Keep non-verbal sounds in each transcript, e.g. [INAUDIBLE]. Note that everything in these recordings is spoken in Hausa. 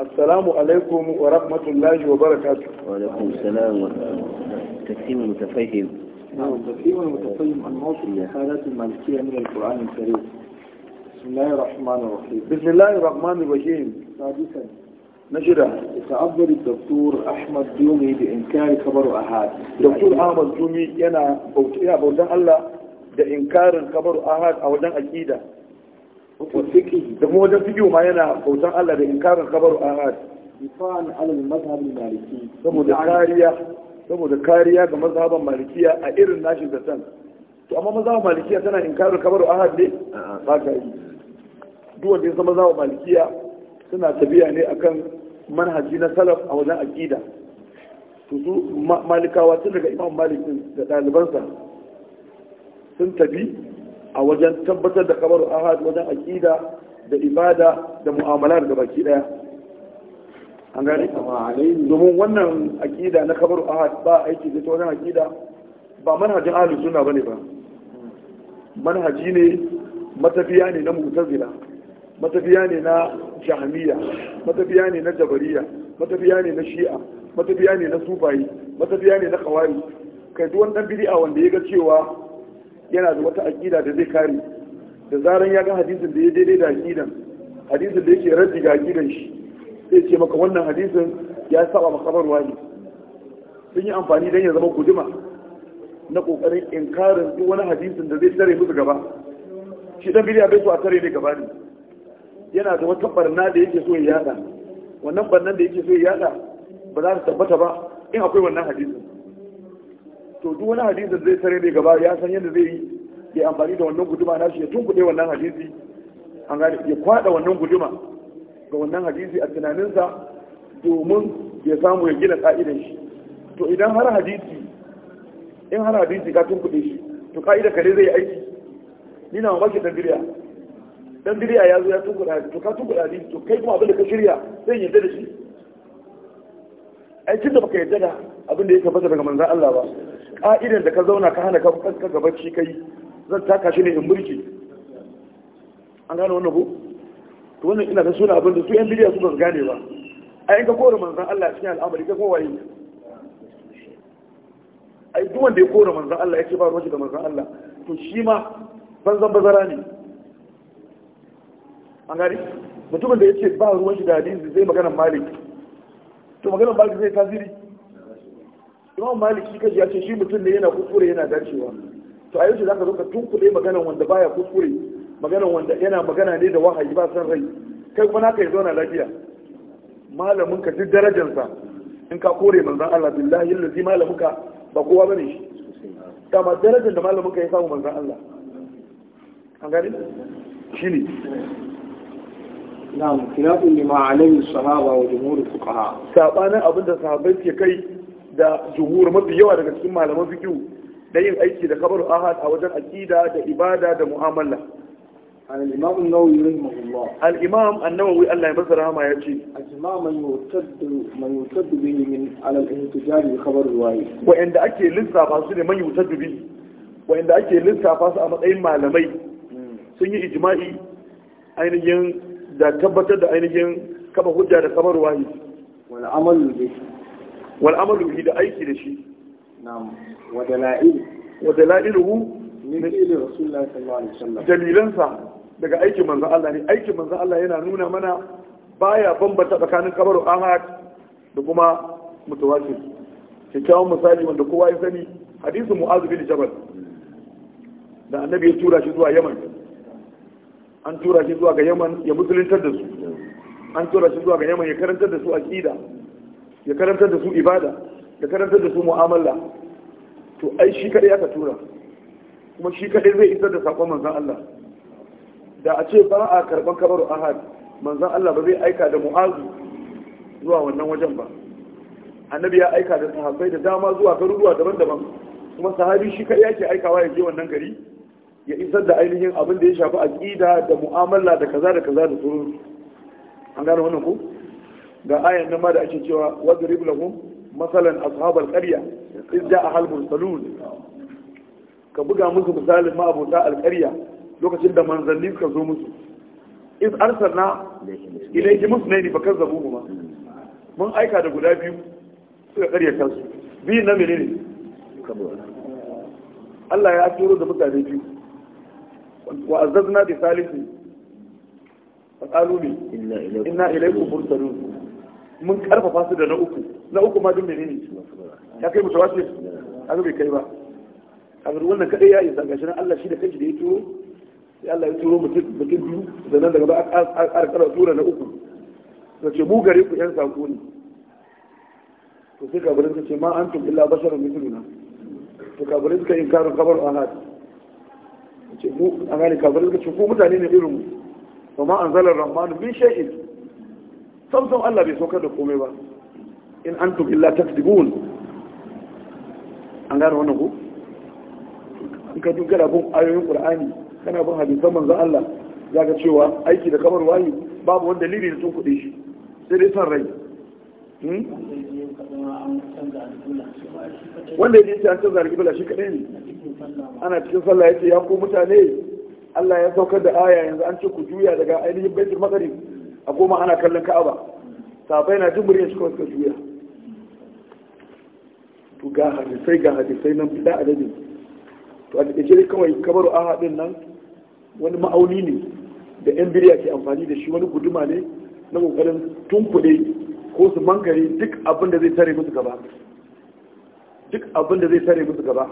السلام عليكم ورحمة الله وبركاته وعليكم السلام ورحمة تفهيم متفهم نعم تفهيم المتفهم عن موصل الحالات المالكية من القرآن الكريم بسم الله الرحمن الرحيم بسم الله الرحمن الرحيم سادسا نجرة تعبر الدكتور أحمد دومي بإنكار خبر أحد دكتور أحمد دومي ينا بوتيا بوتان الله بإنكار خبر أحد أو دان wajen da kuma wajen fiƙi ma yana bautan Allah da inkarin kabar ahad ifan alal mazhab saboda kariya ga mazhaban malikiya a irin nashi da san to amma mazhaban malikiya tana inkarin kabar ahad ne ba ka yi duk wanda ya mazhaban malikiya suna tafiya ne akan manhaji na salaf a wajen aqida to su malikawa tun daga imam malik da ɗalibansa sun tabi a wajen tabbatar da kabaru ahad wajen aƙida da ibada da mu'amalar da baki daya an gane domin wannan aƙida na kabaru ahad ba aiki da ta wajen aƙida ba manhajin suna sunna bane ba manhaji ne matafiya ne na mutazila matafiya ne na jahmiya matafiya ne na jabariya matafiya ne na shi'a matafiya ne na sufayi matafiya ne na kawari kai duk wannan bid'a wanda ya ga cewa yana da wata aƙida da zai kare da zaran ya ga hadisin da ya daidai da aƙidan hadisin da yake raddi ga aƙidan shi sai ce maka wannan hadisin ya saba makabarwa ne sun yi amfani don ya zama guduma na ƙoƙarin inkarin duk wani hadisin da zai tare musu gaba shi dan bidiya bai so a tare ne gaba ne yana da wata barna da yake so ya yada wannan barnan da yake so ya yada ba za ta tabbata ba in akwai wannan hadisin to duk wani hadisi zai tare ne gaba ya san yadda zai yi ya amfani da wannan guduma na shi ya tunkuɗe wannan hadisi an gane ya kwaɗa wannan guduma ga wannan hadisi a tunaninsa domin ya samu ya gina ka'idar shi to idan har hadisi in har hadisi ka tunkuɗe shi to ka'idar ka ne zai yi aiki ni na mamaki tambiriya dan biriya ya zo ya tunkuɗa hadisi to ka tunkuɗa hadisi to kai kuma abin da ka shirya zai yadda da shi aikin da baka yarda da abin da ya tabbata daga manzan Allah ba ƙa'idar da ka zauna ka hana kanka gaba bacci kai zan taka shi ne in mulki an gane wannan ko to wannan ina ga suna abin da su yan bidiyar su ba su gane ba a yanka kore manzan Allah cikin al'amari ka kowa yi a duk wanda ya kore manzan Allah ya ce ba ruwan shi da manzan Allah to shi ma banzan bazara ne an gani mutumin da ya ce ba ruwan shi da hadisi zai maganar malik to maganar malik zai tasiri imam maliki kaji ya ce shi mutum ne yana kuskure yana dacewa to a yau za ka zo ka tunkuɗe maganan wanda baya kuskure maganan wanda yana magana ne da wahayi ba san rai kai kuma naka ya zauna lafiya malamin ka duk sa in ka kore manzon Allah billahi allazi malamin ka ba kowa bane shi dama darajar da malamin ka ya samu manzon Allah an gani shine na'am khilafun lima alayhi sahaba wa jumhur fuqaha sabanin abinda sahabbai ke kai da jumhur mafi yawa daga cikin malaman fiqh da yin aiki da kabaru ahad a wajen aqida da ibada da mu'amala al-imam an-nawawi rahimahullah al-imam an-nawawi Allah ya masa rahama ya ce al-imam man yutad man min ala al-ihtijaj bi khabar riwayi wa inda ake lissafa su ne man yutad bihi wa inda ake lissafa su a matsayin malamai sun yi ijma'i ainihin da tabbatar da ainihin kaba hujja da kabar riwayi wal amal wal amalu bi da aiki da shi na'am wa dalail wa dalailuhu min qili rasulullahi sallallahu alaihi wasallam dalilansa daga aikin manzo Allah ne aikin manzo Allah yana nuna mana baya bambata tsakanin kabaru ahad da kuma mutawatir kyakkyawan misali wanda kowa ya sani hadisin mu'az bin jabal da annabi ya tura shi zuwa yaman an tura shi zuwa ga yaman ya musulintar da su an tura shi zuwa ga yaman ya karantar da su aqida ya karantar da su ibada ya karantar da su mu'amala to ai shi kadai aka tura kuma shi kadai zai isar da sakon manzan Allah da a ce ba a karban kabaru ahad manzan Allah ba zai aika da mu'azu zuwa wannan wajen ba annabi ya aika da sahabbai da dama zuwa garuruwa daban-daban kuma sahabi shi kadai yake aikawa ya je wannan gari ya isar da ainihin abin da ya shafi aqida da mu'amala da kaza da kaza da sauransu an gane wannan ko ga ayan nan ma da ake cewa wadrib lahum masalan ashabal qarya iz ja'a hal mursalun ka buga musu misalin ma abota qarya lokacin da manzanni suka zo musu iz arsalna ilayhi musnaini fa kazzabuhuma mun aika da guda biyu suka karya kansu biyun na menene Allah ya turo da mutane biyu wa azzazna bi salisi fa qalu inna ilaykum mursalun mun karfafa su da na uku na uku ma duk menene ya kai mutawassil haka bai kai ba a wannan kadai ya yi gashi nan Allah shi da kanshi da ya turo sai Allah ya turo mutum mutum biyu nan daga ba a karkara tura na uku da ce mu gare ku yan sako ne to sai kabarin ta ce ma an tun illa basharun mithluna to kabarin ka yi karin kabar ahad ce mu an gane kabarin ka ce ku mutane ne irin mu wa ma zalar rahmanu min shay'in sam Allah bai saukar da komai ba in an tuk illa takdibun an gane wannan ku in ka dukkan abin ayoyin qur'ani kana bin hadisan manzon Allah ka cewa aiki da kamar wayi babu wanda dalili da tun kuɗe shi sai dai son rai hmm? wanda ya ce an canza alƙibla shi kaɗai ne ana cikin sallah ya ce ya ku mutane Allah ya saukar da aya yanzu an ce ku juya daga ainihin baitul maqdis a goma ana kallon ka'aba safai na jin muryar suka suka juya to ga hadisai ga hadisai nan bida adadin to a takaice kawai kabaru a haɗin nan wani ma'auni ne da yan birya ke amfani da shi wani guduma ne na kokarin tunkuɗe ko su mangare duk abin da zai tare musu gaba duk abin da zai tare musu gaba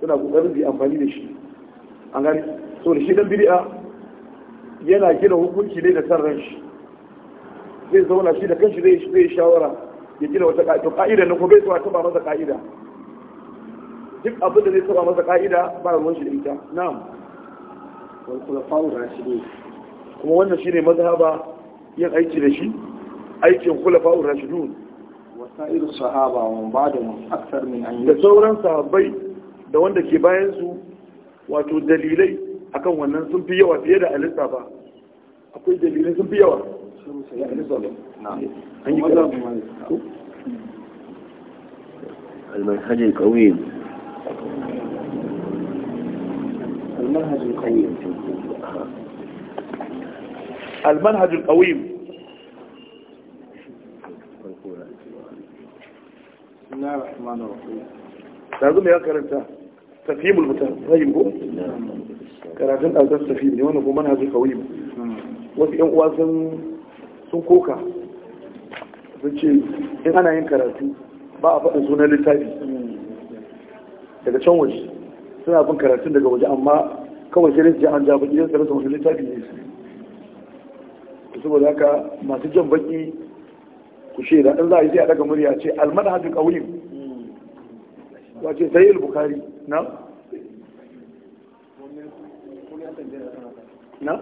suna kokarin su yi amfani da shi an gani so da shi dan biri'a yana gina hukunci ne da san ran shi zai zauna shi da kanshi zai zai shawara ya gina wata ka'ida ka'ida na ko bai zuwa taba masa ka'ida duk abin da zai taba masa ka'ida ba ruwan shi da ita na'am wal shi ne. kuma wannan shine mazhaba yin aiki da shi aikin khulafa'u rashidun wasa'ir sahaba wa ba'dahum akthar min an da sauran sahabbai da wanda ke bayan su wato dalilai akan wannan sun fi yawa fiye da alista ba akwai dalilai sun fi yawa المنهج القويم المنهج القويم المنهج القويم بسم الله الرحمن الرحيم لازم يا كرمتا تفهيم المتفهم نعم karatun ɗaukar tafi ne wani kuma manhajin kawai wasu yan uwa sun koka sun ce in ana yin karatu ba a faɗin sunan littafi daga can waje suna bin karatun daga waje amma kawai sai rinsu an ja baki sai rasa wani littafi ne su saboda haka masu jan baki ku shaida in za a yi sai a daga murya ce almada almanhajin kawai wace sai bukari na na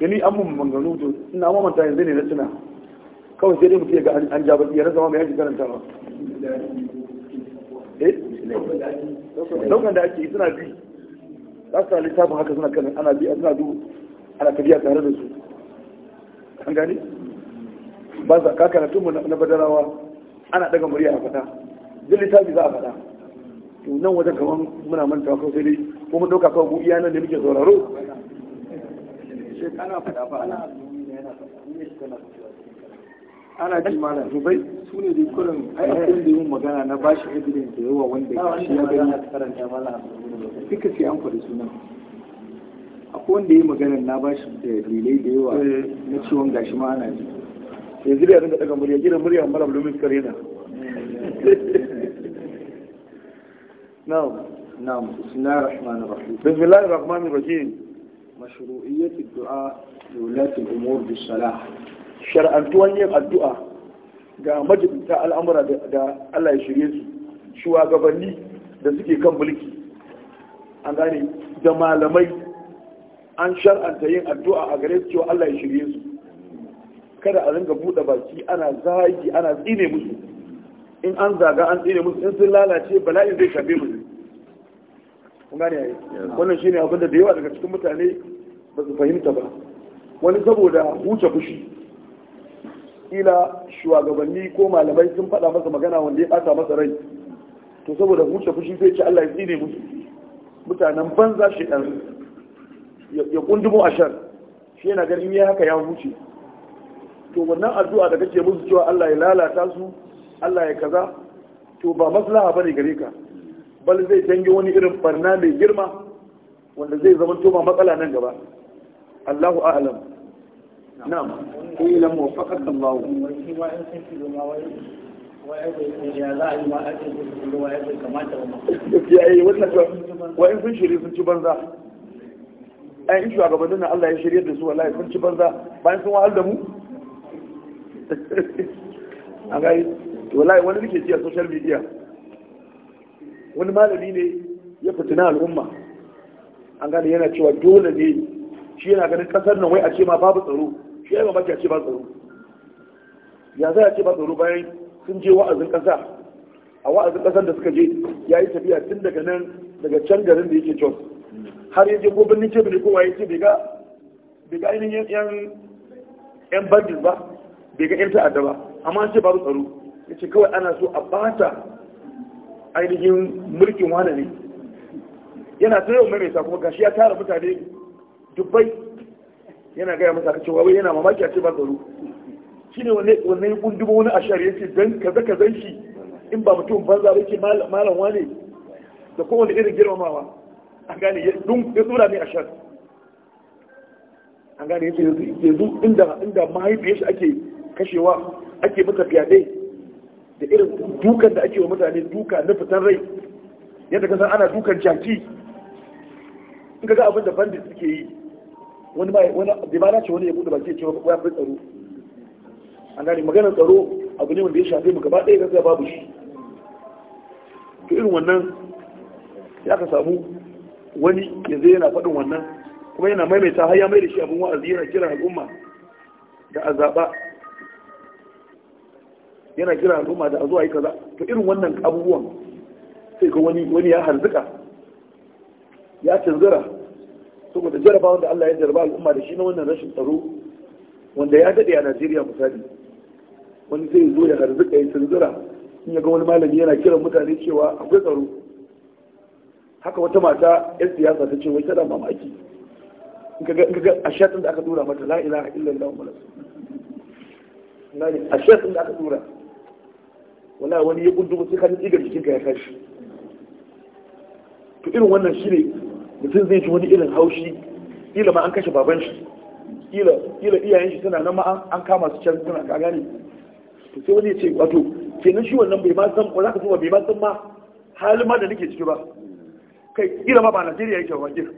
gani an mun manganu to ina manta yanzu ne na tuna kawai sai dai mutum ga an ja baki ya rasa ma mai yaji karanta ba eh lokacin da ake suna bi za su littafin haka suna kanin ana bi suna dubu ana tafiya tare da su an gani ba sa ka karatu mu na badarawa ana daga murya a fata duk littafi za a fata to nan wajen kamar muna mantawa kawai sai dai ko mun dauka kawai iya nan da muke sauraro ana faɗa fa ana ana ji mana zubai su ne dai kurin aikin da yin magana na ba shi evidence da yawa wanda shi ya gani duka sai an faɗi sunan akwai wanda ya magana na ba shi da dalilai da yawa eh. na ciwon gashi ma ana ji yanzu da rinka daga murya gina murya mara lumin karena [LAUGHS] na'am na'am bismillahir rahmanir rahim bismillahir rahmanir rahim مشروعية الدعاء لولاة الأمور بالصلاة شرعا تواني الدعاء ga majibinta al'amura da Allah ya shirye su shugabanni da suke kan mulki an gane da malamai an shar'anta yin addu'a a gare su cewa Allah ya shirye su kada a ringa buɗe baki ana tsine musu in an zaga an tsine musu in sun lalace bala'in zai shafe musu kuma ne wannan abin da da yawa daga cikin mutane ba su fahimta ba wani saboda huce fushi ila shugabanni ko malamai sun faɗa masa magana wanda ya ɓata masa rai to saboda huce fushi sai ce Allah ya tsine musu mutanen banza shi ɗan ya kundumo a shan shi yana ganin ya haka ya huce to wannan addu'a da kake musu cewa Allah ya lalata su Allah ya kaza to ba maslaha bane gare ka bal zai janyo wani irin barna mai girma wanda zai zama toma matsala nan gaba Allahu a'lam na'am ko ila muwafaqat Allah wa in sun shiri sun ci banza ai in shugabannin nan Allah ya shirye da su wallahi sun ci banza bayan sun wahal da mu [LAUGHS] a ga wallahi wani nake ci a social media wani malami ne ya fitina al'umma an gane yana cewa dole ne shi yana ganin kasar nan wai a ce ma babu tsaro shi ya yi mamaki a ce ba tsaro ya zai a ce ba tsaro bayan sun je wa'azin kasa a wa'azin kasar da suka je ya yi tafiya tun daga nan daga can garin da yake jos har yake ko birnin ce bane kowa ya ce bai ga ainihin yan yan bandit ba bai ga yan ta'adda ba amma an ce babu tsaro ya ce kawai ana so a bata ainihin mulkin wani ne yana ta yau maimaita kuma gashi ya tara mutane dubbai yana gaya masa ka cewa yana mamaki a ce ba tsaro shi ne wannan ya kunduba wani ashar ya ce don kaza kazan shi in ba mutum banza ba yake malam wane da kowane irin girmamawa an gane ya tsura ne ashar an gane ya ce yanzu inda mahaifiyar shi ake kashewa ake masa fyaɗe da irin dukan da ake wa mutane duka na fitan rai yadda kasan ana dukan jaki in ka ga abin da bandit suke yi wani ma wani da ma nace wani ya bude baki ya ce ya fi tsaro an gane maganar tsaro abu ne wanda ya shafe mu gaba ɗaya gaskiya babu shi to irin wannan ya ka samu wani yanzu yana faɗin wannan kuma yana maimaita har ya mai da shi abin wa'azi yana kiran al'umma da azaba yana kira al'umma da a zuwa yi kaza to irin wannan abubuwan sai ga wani wani ya harzuka ya tazgara saboda jarabawan da Allah ya jarba al'umma da shi na wannan rashin tsaro wanda ya dade a Najeriya misali wani zai zo ya harzuka ya tazgara in ya ga wani malami yana kiran mutane cewa akwai tsaro haka wata mata yan siyasa ta ce wai tana mamaki in ka ga a shatin da aka dora mata la ilaha illallah muhammadu a shatin da aka dora wala wani ya gundu sai ka jikin jikinka ya tashi to irin wannan shi ne mutum zai ji wani irin haushi kila ma an kashe baban shi kila kila iyayen shi suna nan ma an kama su can suna ka gane to sai wani ya ce wato kenan shi wannan bai ma san ba za ka bai ma san ma halin ma da nake ciki ba kai kila ma ba Najeriya yake ba kika,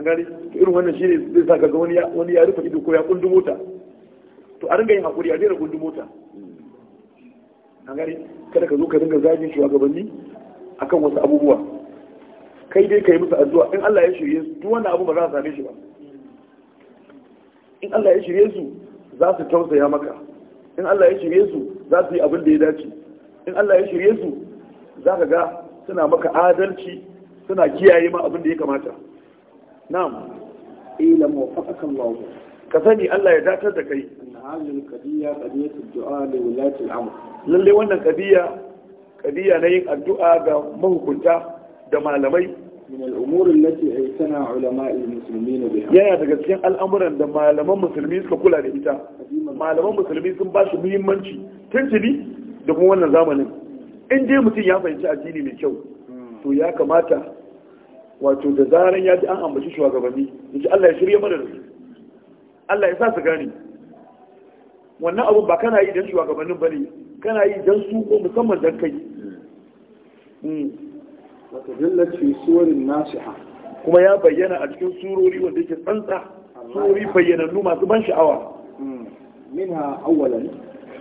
an gane to irin wannan shi ne zai sa ga wani ya rufe ido ko ya kundu mota to a ringa yin hakuri a daina kundu mota an gari kada ka zo ka dinga zagin shugabanni akan wasu abubuwa kai dai ka yi musu addu'a in Allah ya shirye su duk wani abu ba za a same shi ba in Allah ya shirye su za su tausaya maka in Allah ya shirye su za su yi abin da ya dace in Allah ya shirye su za ka ga suna maka adalci suna kiyaye ma abin da ya kamata na'am ila eh, muwafaqaka Allah ka sani Allah ya datar da kai hadhihi al-qadiyya qadiyatu ad-du'a li wulati al-amr lalle wannan qadiyya qadiyya na yin addu'a ga mahukunta da malamai min al-umur allati aitana ulama al-muslimin biha yana daga cikin al'amuran da malaman musulmi suka kula da ita malaman musulmi sun ba shi muhimmanci tuntuni da kuma wannan zamanin in dai mutum ya fahimci addini mai kyau to ya kamata wato da zaran ya ji an ambaci shugabanni ya ce Allah ya shirya mana da su Allah ya sa su gane wannan abu ba kana yi don shugabannin bane kana yi don su ko musamman don kai hmm. wata jallace suwarin nasiha kuma ya bayyana a cikin surori wanda yake tsantsa surori bayyanannu masu ban sha'awa hmm. minha awwalan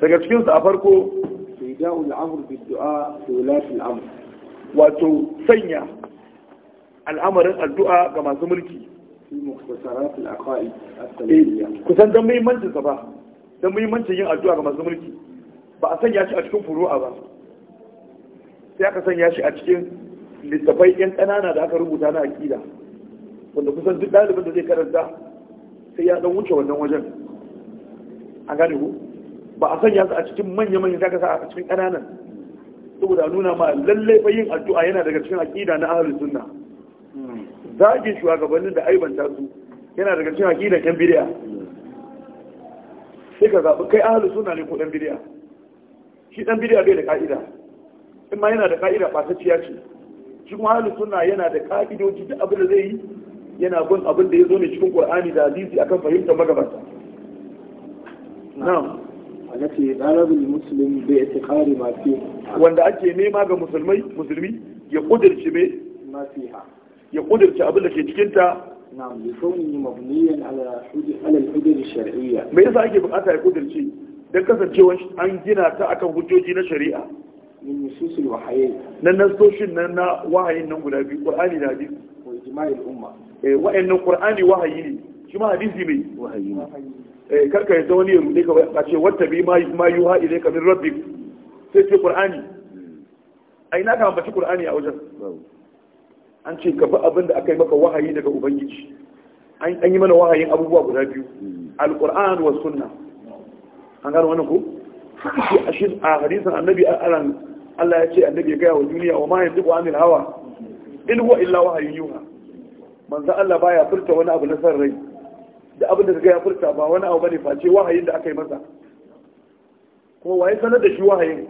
daga cikin su a farko fida'u al'amr bi du'a fi ulati wato sanya al'amarin addu'a ga masu mulki fi kusan dan muhimmancin ba don muhimmancin yin addu'a ga masu mulki ba a sanya shi a cikin furu'a ba sai aka sanya shi a cikin littafai yan ƙanana da aka rubuta na aƙida wanda kusan duk ɗalibin da zai karanta sai ya ɗan wuce wannan wajen a gane ku ba a sanya su a cikin manya-manyan ta sa a cikin ƙananan saboda nuna ma lallai fa yin addu'a yana daga cikin aƙida na ahlus sunna hmm. zagin shugabannin da aibanta su yana daga cikin aƙidan yan bidiya sai ka zaɓi kai ahalu suna ne ko ɗan bidiya shi ɗan bidiya bai da ƙa'ida in ma yana da ƙa'ida ɓatacciya ce shi kuma ahalu suna yana da ƙa'idoji duk abin da zai yi yana bin abin da ya zo ne cikin ƙur'ani da hadisi akan fahimtar magabata na'am alati ɗalibin musulmi bai ta ƙari ma wanda ake nema ga musulmai musulmi ya ƙudurce mai ya ƙudurce abin da ke cikinta na'am bi yasa ake bukata ya kudurci dan kasancewa an gina ta akan hujjoji na shari'a min nususul wahayi nan nasoshin nan na wahayin nan guda biyu qur'ani da hadisi wa ijma'il eh wa'annan qur'ani wahayi ne shi ma hadisi ne wahayi ne eh karka wani ya ka ba ce wata bi ma yuha ilayka min rabbik sai ce qur'ani hmm. ai na ka ambaci qur'ani a wajen an ce ka bi abin da aka yi maka wahayi daga ubangiji an yi mana wahayin abubuwa guda biyu hmm. alkur'an wa sunna an gano wannan ko shi a shi a hadisan annabi Allah ya ce annabi ya gaya wa duniya wa ma yanzu amin hawa in huwa illa wahayin yuha manzo Allah baya furta wani abu na san rai da abin da kaga ya furta ba wani abu bane face wahayin da aka yi masa kuma waye sanar da shi wahayin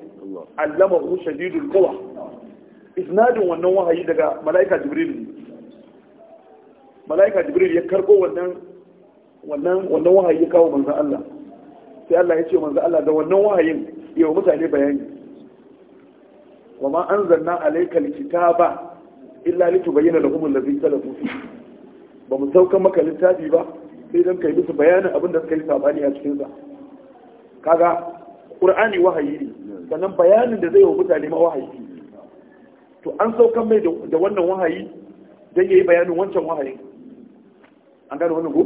allama hu shadidul quwa isnadin wannan wahayi daga mala'ika jibril mala'ika jibril ya karbo wannan wannan wannan wahayi ya kawo manzo Allah sai Allah ya ce manzo Allah da wannan wahayin yau mutane bayani wa ma anzalna alayka alkitaba illa litubayyana lahum allazi talafu fi ba mu sauka maka littafi ba sai dan kai musu bayanin abin da suka yi sabani a cikin sa kaga qur'ani wahayi ne sannan bayanin da zai yi wa mutane ma wahayi to an saukan mai da wannan wahayi don ya yi bayanin wancan wahayi an gane wannan ko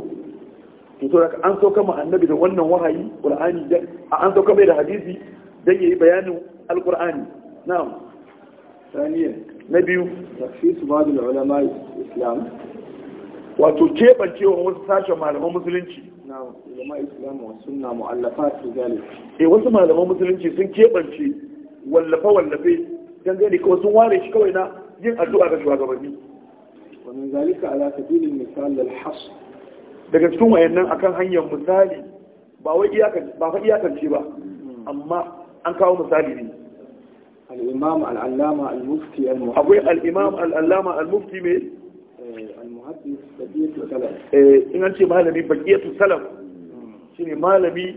to to an saukan ma annabi da wannan wahayi a an saukan mai da hadisi don ya yi bayanin na, saniya na biyu. Tafi su تخصيص بعض العلماء Islam? wato keɓancewa wasu sashen malaman musulunci e wasu malaman musulunci sun keɓance wallafe-wallafe dangane kawai sun ware shi kawai na yin addu'a ga shugabanni zalika ala على misal al للحصر daga cikin wayannan akan hanyar misali ba wai iyakan ba fa iyakan ce ba amma an kawo misali ne al-imam al-allama al-mufti al akwai al-imam al-allama al-mufti me eh, al-muhaddith baqiyatu salaf eh in an ce malami baqiyatu salaf hmm. shine malami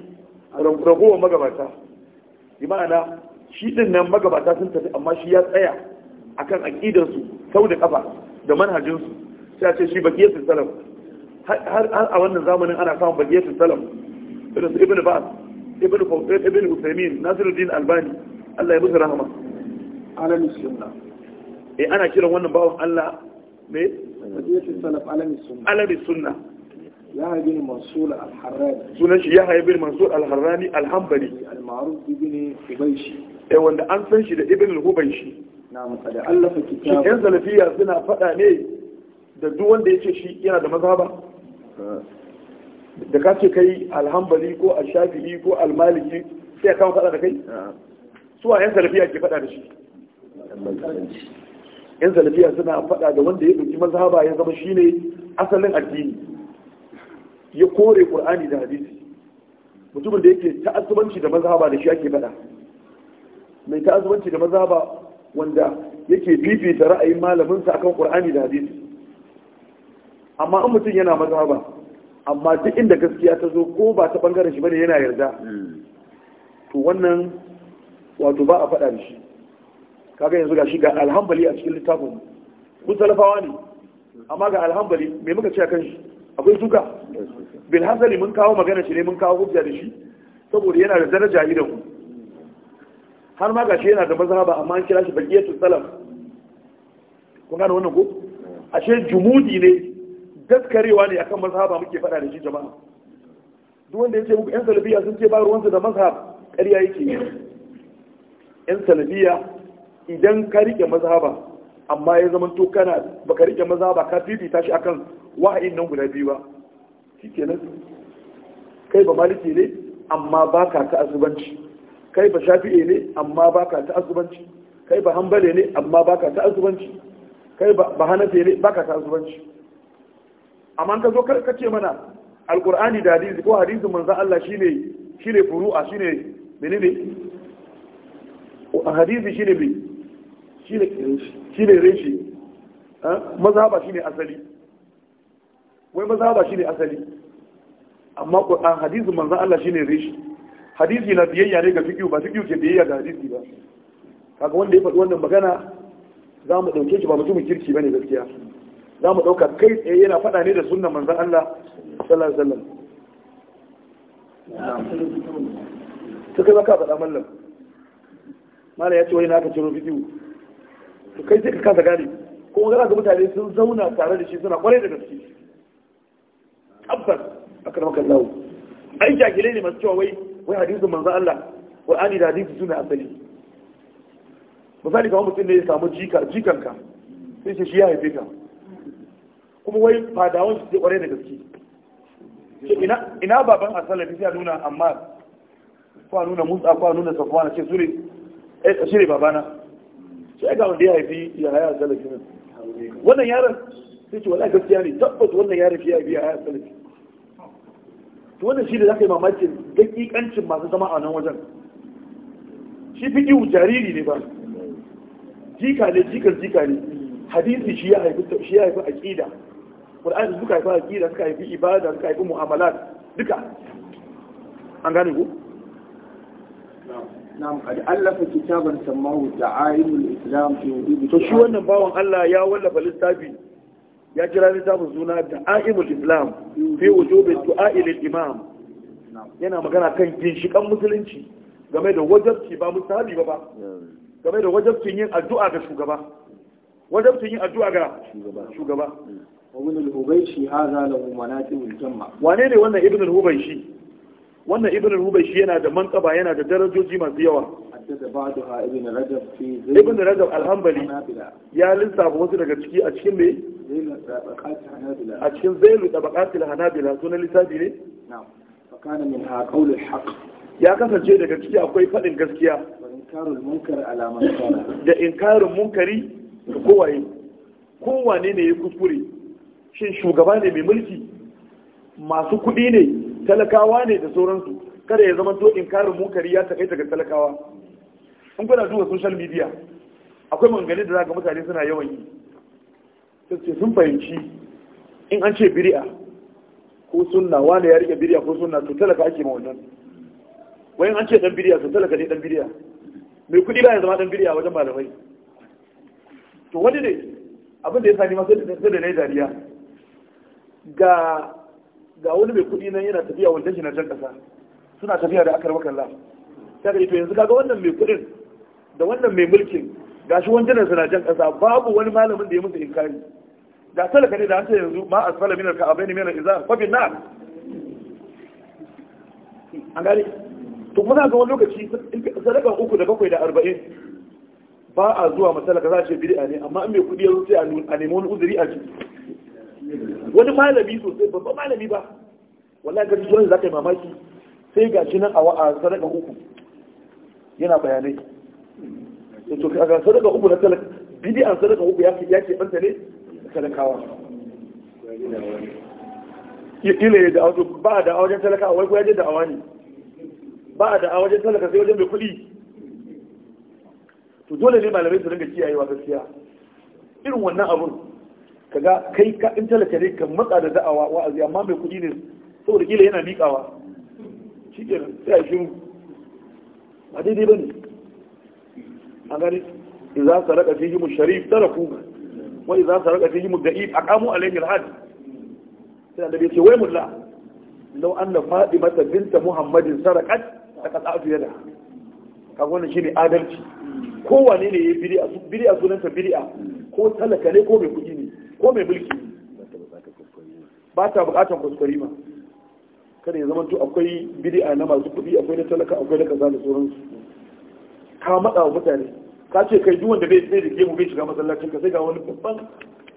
ragowar magabata bi ma'ana shi din nan magabata sun tafi amma shi ya tsaya akan aqidar su sau da kafa da manhajin su sai a ce shi baqiyatul salaf har a wannan zamanin ana samun baqiyatul salaf irin su ibnu ba'd ibnu fawzan ibnu usaymin nasiruddin albani Allah ya musu rahama alamin sunna eh ana kiran wannan bawon Allah me baqiyatul salaf alamin sunna alamin Sunan shi ya منصور الحراني سنن يحيى بن منصور الحراني الحنبلي المعروف بن حبيشي eh wanda an san shi da ibn al-hubayshi na'am kada Allah fa kitab yan salafiya suna fada ne da duk wanda yace shi yana da mazhaba da ka ce kai alhambali ko al-shafi'i ko al-maliki sai ka fada da kai su a yan salafiya ke fada da shi yan salafiya suna fada da wanda ya dauki mazhaba ya zama shine asalin addini ya kore qur'ani da hadisi mutumin da yake ta'assubanci da mazhaba da shi ake fada mai azumanci da maza ba wanda yake fifita ra'ayin malaminsa akan qur'ani da hadisi amma in mutum yana maza ba. amma duk inda gaskiya ta zo ko ba ta bangaren shi bane yana yarda to wannan wato ba a faɗa da shi kaga yanzu ga shi ga alhambali a cikin littafin mun salafawa ne amma ga alhambali me muka ce a kan shi akwai suka bil hasali mun kawo magana shi ne mun kawo hujja da shi saboda yana da daraja idan mu har ma ga shi yana da mazhaba amma an kira shi baqiyatul salaf kun gane wannan ko ashe jumudi ne daskarewa ne akan mazhaba muke faɗa da shi jama'a duk wanda ya ce muku yan salafiya sun ce ba ruwansu da mazhab ƙarya yake yan salafiya idan ka rike mazhaba amma ya zama to kana baka rike mazhaba ka ta shi akan wa'ayin nan guda biyu ba shikenan kai ba maliki ne amma ba ka ta azubanci kai ba shafi'e ne amma ba ka ta'assubanci kai ba hanbale ne amma ba ka ta'assubanci kai ba hanafi ne ka ta'assubanci amma ka zo ka ce mana alqur'ani da hadisi ko hadisin manzon Allah shine shine furu'a shine menene hadisi shine bi shine shine reshi mazhaba shine asali wai mazhaba shine asali amma hadisin manzon Allah shine reshi hadisi na biyayya ne ga fikiyu ba fikiyu ke biyayya ga hadisi ba kaga wanda ya faɗi wannan magana za mu ɗauke shi ba mutumin kirki ba ne gaskiya za mu ɗauka kai tsaye yana faɗa ne da sunan manzan Allah sallallahu alaihi wasallam to kai baka faɗa mallam mallam ya ce wai na ka ciro bidiyo to kai sai ka kasa gane ko ga ga mutane sun zauna tare da shi suna kwarai da gaske tabbas akan maka lawo ai jahilai ne masu cewa wai wai hadisin manzo Allah ani da hadisi suna asali misali kamar mutum ne ya samu jika jikanka sai ce shi ya haife ka kuma wai fadawan su kware da gaske ina ina baban asalafi sai ya nuna amma ko a nuna musa ko a nuna safwana ce su ne eh shi ne babana sai ga wanda ya haifi ya haya asalafi wannan yaron sai ce wala gaskiya ne tabbas wannan yaron shi ya haifi ya haya asalafi to wannan shi da zaka yi mamakin dakikancin masu zama a nan wajen shi fiƙi jariri ne ba jika ne jikar jika ne hadisi shi ya haifi shi ya haifi aqida qur'ani suka haifi aqida suka haifi ibada suka haifi mu'amalat duka an gane ku na'am qad allafa kitaban samahu ta'alimul islam fi wujudi to shi wannan bawon Allah ya wallafa littafi ya kira littafin suna da a'imul islam fi wujubi du'a'il imam yana magana kan ginshikan musulunci game da wajabci ba musali ba ba. game da wajabcin yin addu'a ga shugaba wajabcin yin addu'a ga shugaba ومن الهبيشي هذا له مناقب الجمع wane ne wannan ibn al-hubayshi wannan ibn al-hubayshi yana da manqaba yana da darajoji masu yawa ibn rajab fi ibn rajab al-hanbali ya lissafa wasu daga ciki a cikin me a cikin zailu da bakatil hanabila sunan lissafi ne fakana min ha ya kasance daga ciki akwai fadin gaskiya da inkarin munkari ga kowaye kowane ne ya kuskure shin shugaba ne mai mulki masu kuɗi ne talakawa ne da sauransu kada ya zama to inkarin munkari ya takaita daga talakawa in kuna duba social media akwai maganganun da za ga mutane suna yawan yi sai sun fahimci in an ce biri'a ko sunna wani ya rike biri'a ko sunna to talaka ake ma wannan wai an ce dan biri'a to talaka ne dan biri'a mai kudi ba ya zama dan biri'a wajen malamai to wani ne abin da ya sani masu da da nai dariya ga ga wani mai kudi nan yana tafiya wanda shi na jan kasa suna tafiya da akar makalla ta ga to yanzu kaga wannan mai kudin da wannan mai mulkin gashi wandunan suna jan kasa babu wani malamin da ya musu inkari da talaka ne da an ce yanzu ma asfala min al-ka'abain min al-izar fa bin nar an gari to muna ga wani lokaci sadaka uku da bakwai da arba'in ba a zuwa masalaka za a ce a ne amma an mai kudi ya rufe a nemi wani uzuri a jiki wani malami sosai babba malami ba wallahi ka ji za ka yi mamaki sai ga shi nan a sadaka uku yana bayanai to kaga sadaka uku na talaka bid'an sadaka uku ya ke ɓanta ne talakawa ila ya da'awa ba a da'awa wajen talakawa wai kuwa da da'awa ne ba a da'awa wajen talaka sai wajen mai kuɗi to dole ne malamai su ringa kiyayewa gaskiya irin wannan abun kaga kai ka in talaka ne ka matsa da da'awa wa'azi amma mai kuɗi ne saboda kila yana miƙawa shi ke sai a shiru ba daidai ba ne a gani idan saraka fi yi mu sharif tara kuma za su wa mu saraka fihi a kamu alayhi al-had sai bai ce wai mulla na faɗi mata binta muhammadin sarakat laqad a'tu da. kaga shi shine adalci wane ne yayi biri a sunanta a ko talaka ne ko mai kuɗi ne ko mai mulki ba ta bukatan kuskure ma kada ya zama to akwai a na masu kuɗi akwai na talaka akwai na kaza da sauransu ka maɗa wa mutane ka ce kai duk wanda bai da da mu bai shiga masallacin ka sai ga wani babban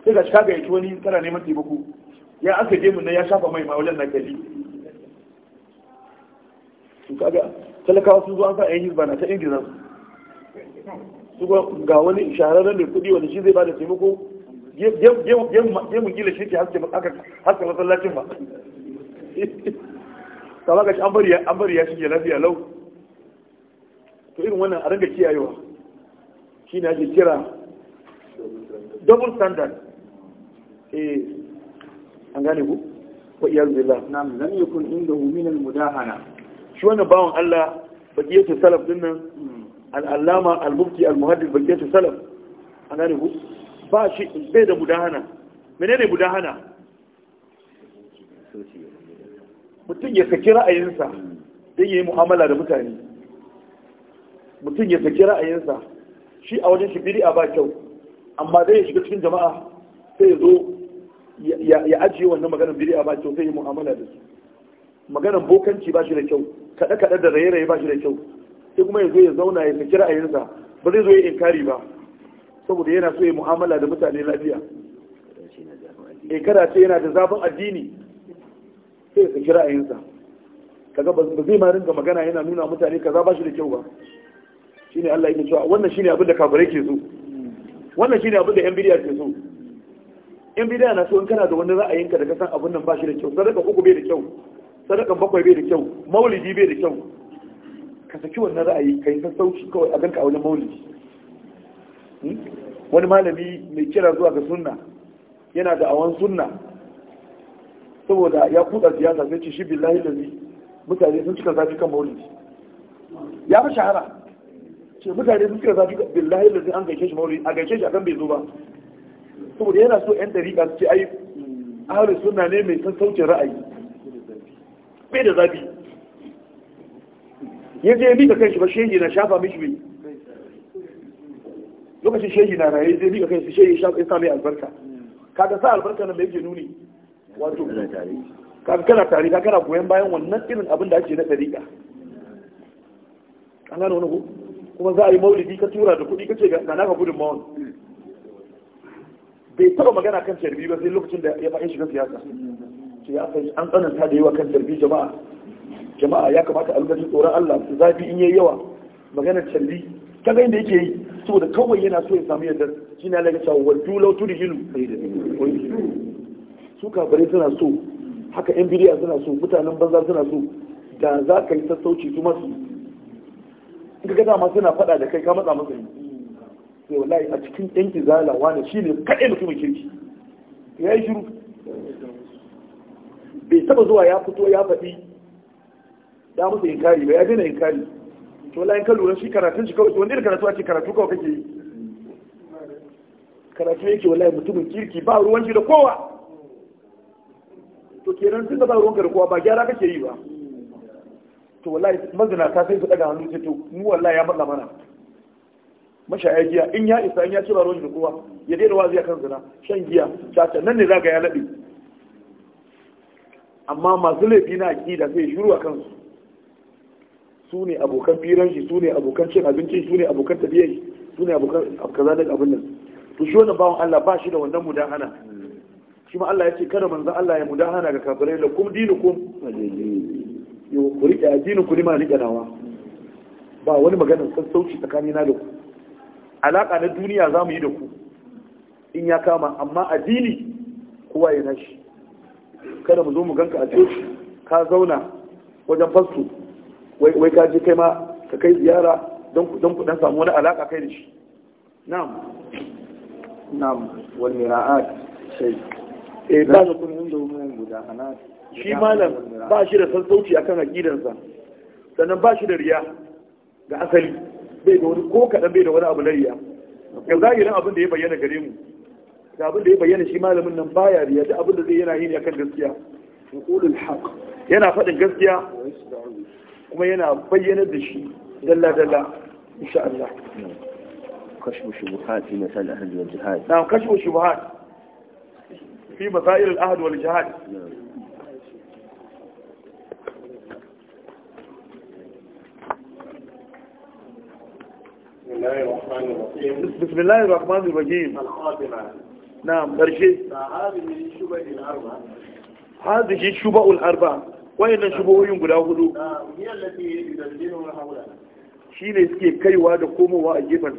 sai ga shiga gaiki wani kana neman taimako ya aka je mu ya shafa mai ma wajen na kali to kaga talakawa sun zo an sa ayi hizba na ta ingiza su ga wani shahararren mai kudi wanda shi zai bada taimako gemun gila shi ke haske masallacin ba kama ga shi an bari ya shige lafiya lau to irin wannan a ranga kiyayewa shi ne ake kira double standard eh, an gane ku wa iya billah nam lam yi kun inda huminan mudahana shi wani bawon Allah bakiyatu salaf din nan hmm. al-allama al-mufti al-muhaddith bakiyatu salaf an gane ku ba shi bai da mudahana ne mudahana mutum ya saki ra'ayinsa don yi mu'amala da mutane mutum ya saki ra'ayinsa shi a wajen shi a ba kyau amma zai shiga cikin jama'a sai ya zo ya ajiye wannan maganar a ba kyau sai ya mu'amala da su maganar bokanci ba shi da kyau kaɗe kaɗe da raye raye ba shi da kyau sai kuma ya zo ya zauna ya saki ra'ayinsa ba zai zo ya inkari ba saboda yana so ya mu'amala da mutane lafiya e kada ce yana da zafin addini sai ya saki ra'ayinsa kaga ba zai ma ringa magana yana nuna mutane kaza ba shi da kyau ba shine Allah yake cewa wannan shine abin da kafirai ke so wannan shine abin da yan bidiya ke so yan bidiya na so in kana da wani ra'ayin ka da kasan abin nan ba shi da kyau sadaka uku bai da kyau sadaka bakwai bai da kyau maulidi bai da kyau ka saki wannan ra'ayi ka yi sassauci kawai a ganka a wani maulidi hmm? wani malami mai kira zuwa ga sunna yana da awon sunna saboda ya kutsa siyasa sai ce shi billahi da mutane sun cika zafi kan maulidi ya fi shahara ce mutane sun suka zafi billahi lalzin an gaishe shi maulidi a gaishe shi akan bai zo ba saboda yana so yan dariƙa su ce ai ahalin suna ne mai saukin ra'ayi bai da zafi ya je mika kanshi ba shehi na shafa mishi bai lokacin shehi na raye zai mika kanshi shehi shafa ya sami albarka kaga sa albarka nan mai ke nuni wato kaga kana tare ka kana goyon bayan wannan irin abin da ake na dariƙa an gano wani ko kuma za a yi maulidi ka tura da kuɗi kace ga ka gudun mawon bai taba magana kan sharbi ba sai lokacin da ya fa'in shiga siyasa ce ya sai an tsananta da yawa kan carbi jama'a jama'a ya kamata a lokacin tsoron Allah su zafi in yayi yawa magana carbi kaga inda yake yi saboda kawai yana so ya samu yadda shi ne alaƙa cewa wadu lau da hilu su kafare suna so haka yan bidiya suna so mutanen banza suna so da za ka yi sassauci su masu in ga dama suna faɗa da kai ka matsa masa yi. sai eh, wallahi a cikin ɗan izala wani shi ne kaɗai mutumin kirki ya yi shiru bai taɓa zuwa ya fito ya faɗi ya musu kari ba ya daina kari to wallahi ka lura shi karatun shi kawai wani irin karatu ake karatu kawai kake yi karatu yake wallahi mutumin kirki ba ruwan shi da kowa to kenan tun da ba ruwan ka da kowa ba gyara kake yi ba to wallahi mazina ta sai su daga hannu sai to mu wallahi ya matsa mana mashaya giya in ya isa in ya ci ba ruwan da kowa ya daina wazi kan zina shan giya caca nan ne zaga ya laɓe amma masu laifi na akida sai shiru akan su. su ne abokan firan shi su ne abokan cin abincin su ne abokan tafiyar shi su ne abokan kaza da abin nan to shi wannan bawon Allah ba shi da wannan mudahana shi ma Allah ya ce kada manzo Allah ya mudahana ga kafirai kum dinukum yau ku riƙe addinin ku ni ma riƙe nawa ba wani maganar sassauci tsakanina da ku alaƙa na duniya za mu yi da ku in ya kama amma addini kowa ya nashi kada mu zo mu ganka a coci ka zauna wajen fasto wai ka je kai ma ka kai ziyara don ku dan samu wani alaƙa kai da shi na'am na'am wani mira'at shay eh ba da kun inda mun guda ana shi malam ba shi da sassauci akan aqidansa sannan ba shi da riya ga asali bai da wani ko kaɗan bai da wani abu na riya ga zahirin abin da ya bayyana gare mu da abin da ya bayyana shi malamin nan baya riya da abin da zai yana yi ne akan gaskiya yana faɗin gaskiya kuma yana bayyana da shi dalla dalla insha Allah kashfu shubuhat fi masal ahli wal jihad na kashfu shubuhat في مسائل الأهد والجهاد بسم الله الرحمن الرحيم نعم برشي هذه الشبه الأربعة هذه الشبه الأربعة وين الشبه ينقل أهدو هي التي يدللون هؤلاء شيء يسكي كيوا دقوموا وأجيبا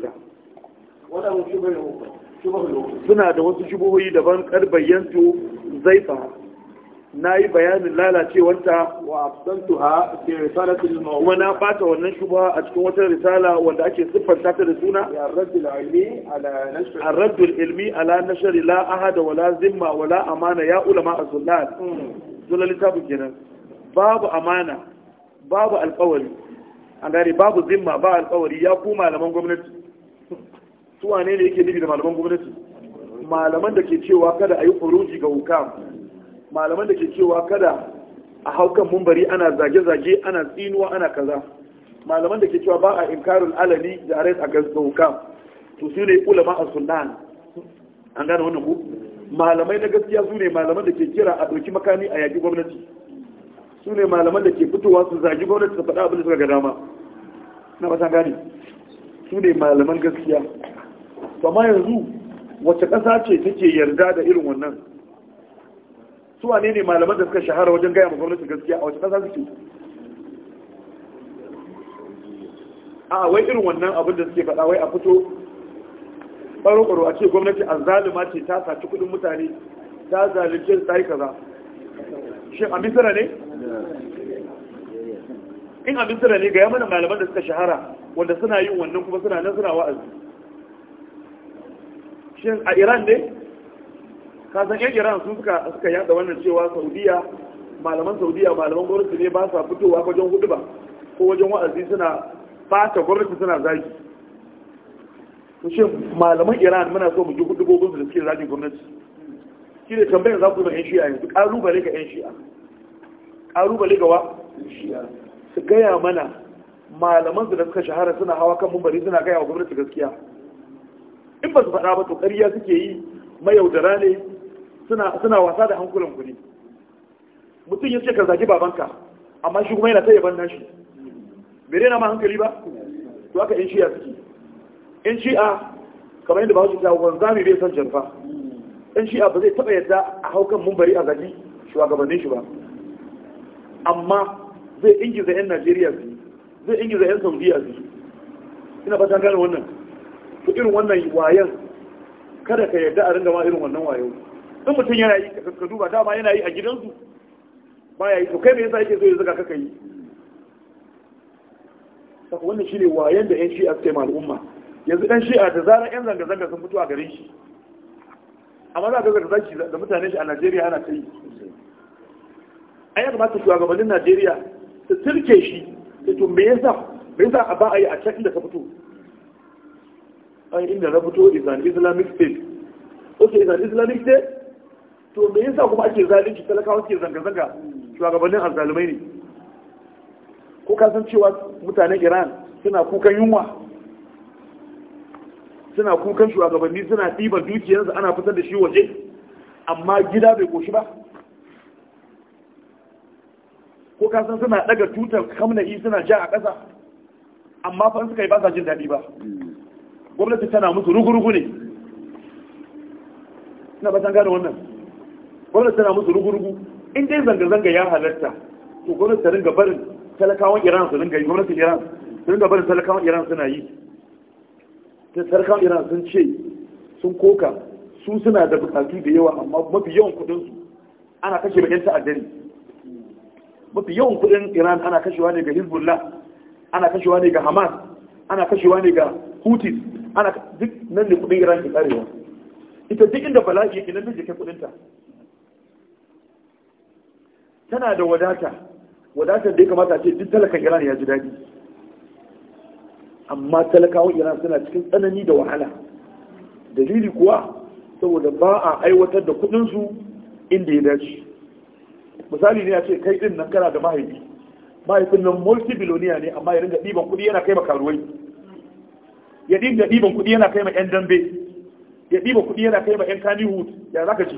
ولهم شبه الأخرى suna da wasu shubuhoyi daban kar zai zaifa na yi bayanin lalacewanta wa absantuha fi risalatil mawdu kuma na bata wannan shubha a cikin wata risala wanda ake siffanta ta da suna ar-radd al-ilmi ala nashr la ahada wala zimma wala amana ya ulama az-zullal hmm. zullal kenan babu amana babu alƙawari an gare babu zimma ba alƙawari ya ku malaman gwamnati su wane ne yake nufi da malaman gwamnati malaman da ke cewa kada a yi kuruji ga hukam malaman da ke cewa kada a haukan mumbari ana zage-zage ana tsinuwa ana kaza malaman da ke cewa ba a inkarin alali da ares a gaza hukam to su ne ulama a sunan an gane wannan ku malamai na gaskiya su ne malaman da ke kira a ɗauki makami a yaƙi gwamnati su ne malaman da ke fitowa su zagi gwamnati su faɗa abin da suka ga dama na ba gane su ne malaman gaskiya to ma yanzu wacce ƙasa ce take yarda da irin wannan su wane ne malaman da suka shahara wajen gaya ma gwamnati gaskiya a wacce ƙasa suke a wai irin wannan abin da suke faɗa wai a fito ɓaro-ɓaro a ce gwamnati a zalima ce ta saci kuɗin mutane ta zalunce ta yi kaza shin a misira ne in a misira ne ga yamanin malaman da suka shahara wanda suna yin wannan kuma suna nan suna wa'azi shi a iran ne kasan yan iran sun suka yada wannan cewa saudiya malaman saudiya malaman gwamnati ne ba sa fitowa wajen hudu ba ko wajen wa'azi suna fata gwamnati suna zagi to shin malaman iran muna so mu ji hudu gogon su da suke zagin gwamnati shi ne tambayar za ku zama yan shi'a yanzu ƙalubale ga yan shi'a ƙalubale ga wa su gaya mana malaman su da suka shahara suna hawa kan mumbari suna gaya wa gwamnati gaskiya in ba su faɗa ba to ƙarya suke yi mayaudara ne suna wasa da hankulan ku ne mutum ya ce ka zagi babanka amma shi kuma yana ta yaban nashi bai rena ma hankali ba to aka in shi'a suke in shi'a kamar yadda ba su ta wanzami bai san jarfa in shi'a ba zai taɓa yadda a haukan mumbari a zagi shugabannin shi ba amma zai ingiza 'yan najeriya su zai ingiza 'yan saudiya su ina ta gane wannan Ku irin wannan wayan kada ka yarda a ringa ma irin wannan wayo in mutum yana yi ka duba dama yana yi a gidansu baya yi to kai me yasa yake so ya zuga kaka yi saka wannan shine wayan da yan shi'a suke ma al'umma yanzu dan shi'a da zarar yan zanga zanga sun mutu a garin shi amma za ka zanga zaki da mutanen shi a Najeriya ana ta yi ta ya a gabanin Najeriya su turke shi to me yasa me yasa a ba a yi a can inda ka fito ayi inda na fito is an islamic state ok is an islamic state to me yasa kuma ake zalunci talakawa ke zanga-zanga shugabannin azzalumai ne ko ka san cewa mutanen iran suna kukan yunwa suna kukan shugabanni suna ɗiban dukiyarsa ana fitar da shi waje amma gida bai ƙoshi ba ko ka san suna ɗaga tutar kamna'i suna ja a ƙasa amma fa suka yi ba sa jin daɗi ba hmm. gwamnati tana musu rugurugu ne ina ba gane wannan gwamnati tana musu rugurugu in dai zanga-zanga ya halarta to gwamnati ta ringa barin talakawan iran su ringa yi Gwamnati iran su ringa barin talakawan iran suna yi talakawan iran sun ce sun koka su suna da bukatu da yawa amma mafi yawan su ana kashe bakin ta'addari mafi yawan kudin iran ana kashewa ne ga hezbollah ana kashewa ne ga hamas ana kashewa ne ga houthis ana duk nan ne kudin iran ke karewa ita duk inda bala'i yake nan ne kai kudinta tana da wadata wadatar da ya kamata ce duk talakan iran ya ji daɗi amma talakawan iran suna cikin tsanani da wahala dalili kuwa saboda ba a aiwatar da kudinsu inda ya dace misali ne a ce kai din nan kana da mahaifi mahaifin nan multi biloniya ne amma ya ringa ɗiban kuɗi yana kai karuwai. ya dinga ɗiban kuɗi yana kai ma 'yan dambe ya ɗiba kuɗi yana kai ma 'yan kaniwood ya za ka zaka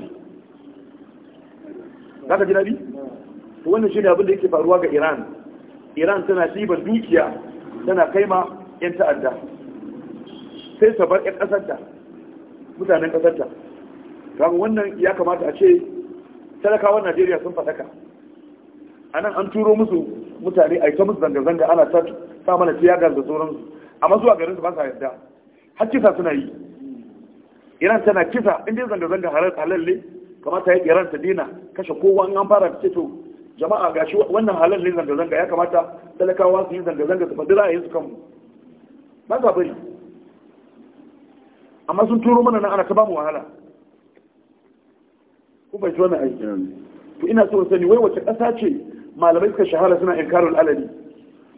za ka ji daɗi to wannan shi ne abin da yake faruwa ga iran iran tana ɗiban dukiya tana kai ma 'yan ta'adda sai ta bar 'yan ƙasarta mutanen ƙasarta kama wannan ya kamata a ce talakawan najeriya sun faɗaka a nan an turo musu mutane a ta musu zanga-zanga ana ta sa mana tiyagar da sauransu amma zuwa garin su ba sa yarda har kisa suna yi iran tana kisa in dai zanga-zanga halar halal ne kamata ya iran ta dina kashe kowa an fara fice to jama'a gashi wannan halal ne zanga-zanga ya kamata talakawa su yi zanga-zanga su faɗi ra'ayin su kanmu ba sa bari amma sun turo mana nan ana ta bamu wahala ko bai zo wannan aiki to ina so sani wai wace ƙasa ce malamai suka shahara suna inkarul alali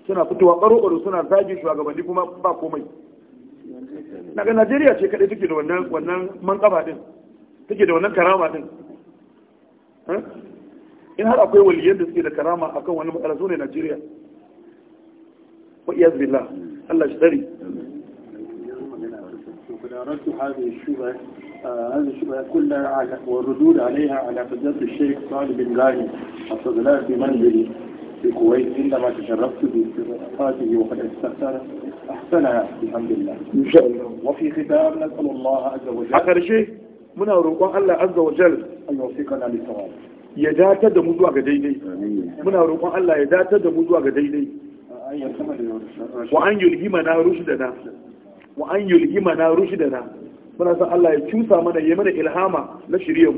suna fitowa ɓaro-ɓaro suna zagin shugabanni kuma ba komai daga najeriya ce kaɗai take da wannan mankaba ɗin take da wannan karama ɗin in har akwai waliyyar da suke da karama akan wani matsala su ne najeriya wa iyaz billah allah shi tsari ودارت هذه الشبهة هذه الشبهة كلها والردود عليها على فضيلة الشيخ صالح بن غالي الصدلاء في منزله الكويت عندما تشرفت بالتفاته وقد استخدر أحسنها بحمد الله إن شاء الله وفي ختام نسأل الله عز وجل آخر شيء من أروقا الله عز وجل أن يوفقنا للثواب يداتا دا مدوى قديني من أروقا الله يا دا مدوى قديني وأن يلهمنا رشدنا وأن يلهمنا رشدنا من أسأل الله يتوسى من يمن إلهاما لشريمه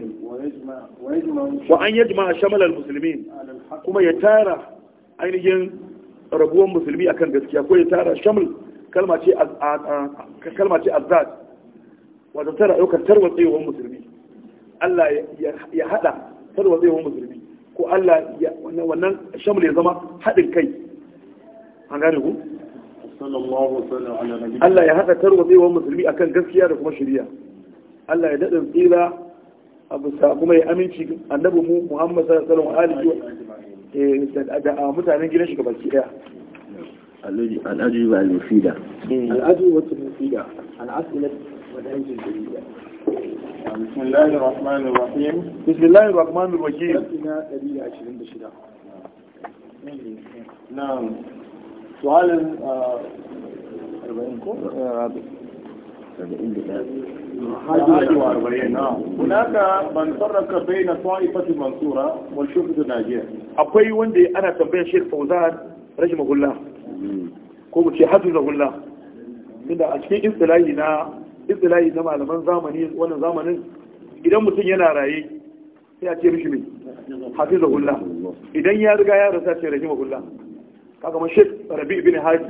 ويجمع وأن يجمع شمل المسلمين كما يتارى ainihin rabuwan musulmi akan gaskiya ko ya tara shamil kalma ce azad wata tara ɗaukar tarwatsewar musulmi Allah ya haɗa tarwatsewar musulmi ko Allah wannan shamil ya zama haɗin kai an gane ku? Allah ya haɗa tarwatsewar musulmi akan gaskiya da kuma shirya Allah ya daɗin tsira a bisa kuma ya aminci annabi mu Muhammad sallallahu alaihi wa Eh, da mutanen gidan shi gabaki daya al'ajiba al-mufida eh, al'ajiba al-mufida al'asila wadanjin jarida بسم الله الرحمن الرحيم بسم الله الرحمن الرحيم نعم سؤال 40 كو hunaka man farraka baina akwai wanda ana tambayar Sheikh Fauzan rahimahullah ko mu ce hafizahullah inda a cikin istilahi na malaman zamanin idan mutum yana raye sai a ce mishi me idan ya riga ya rasa ce rahimahullah kaga man Sheikh Rabi' ibn Hadi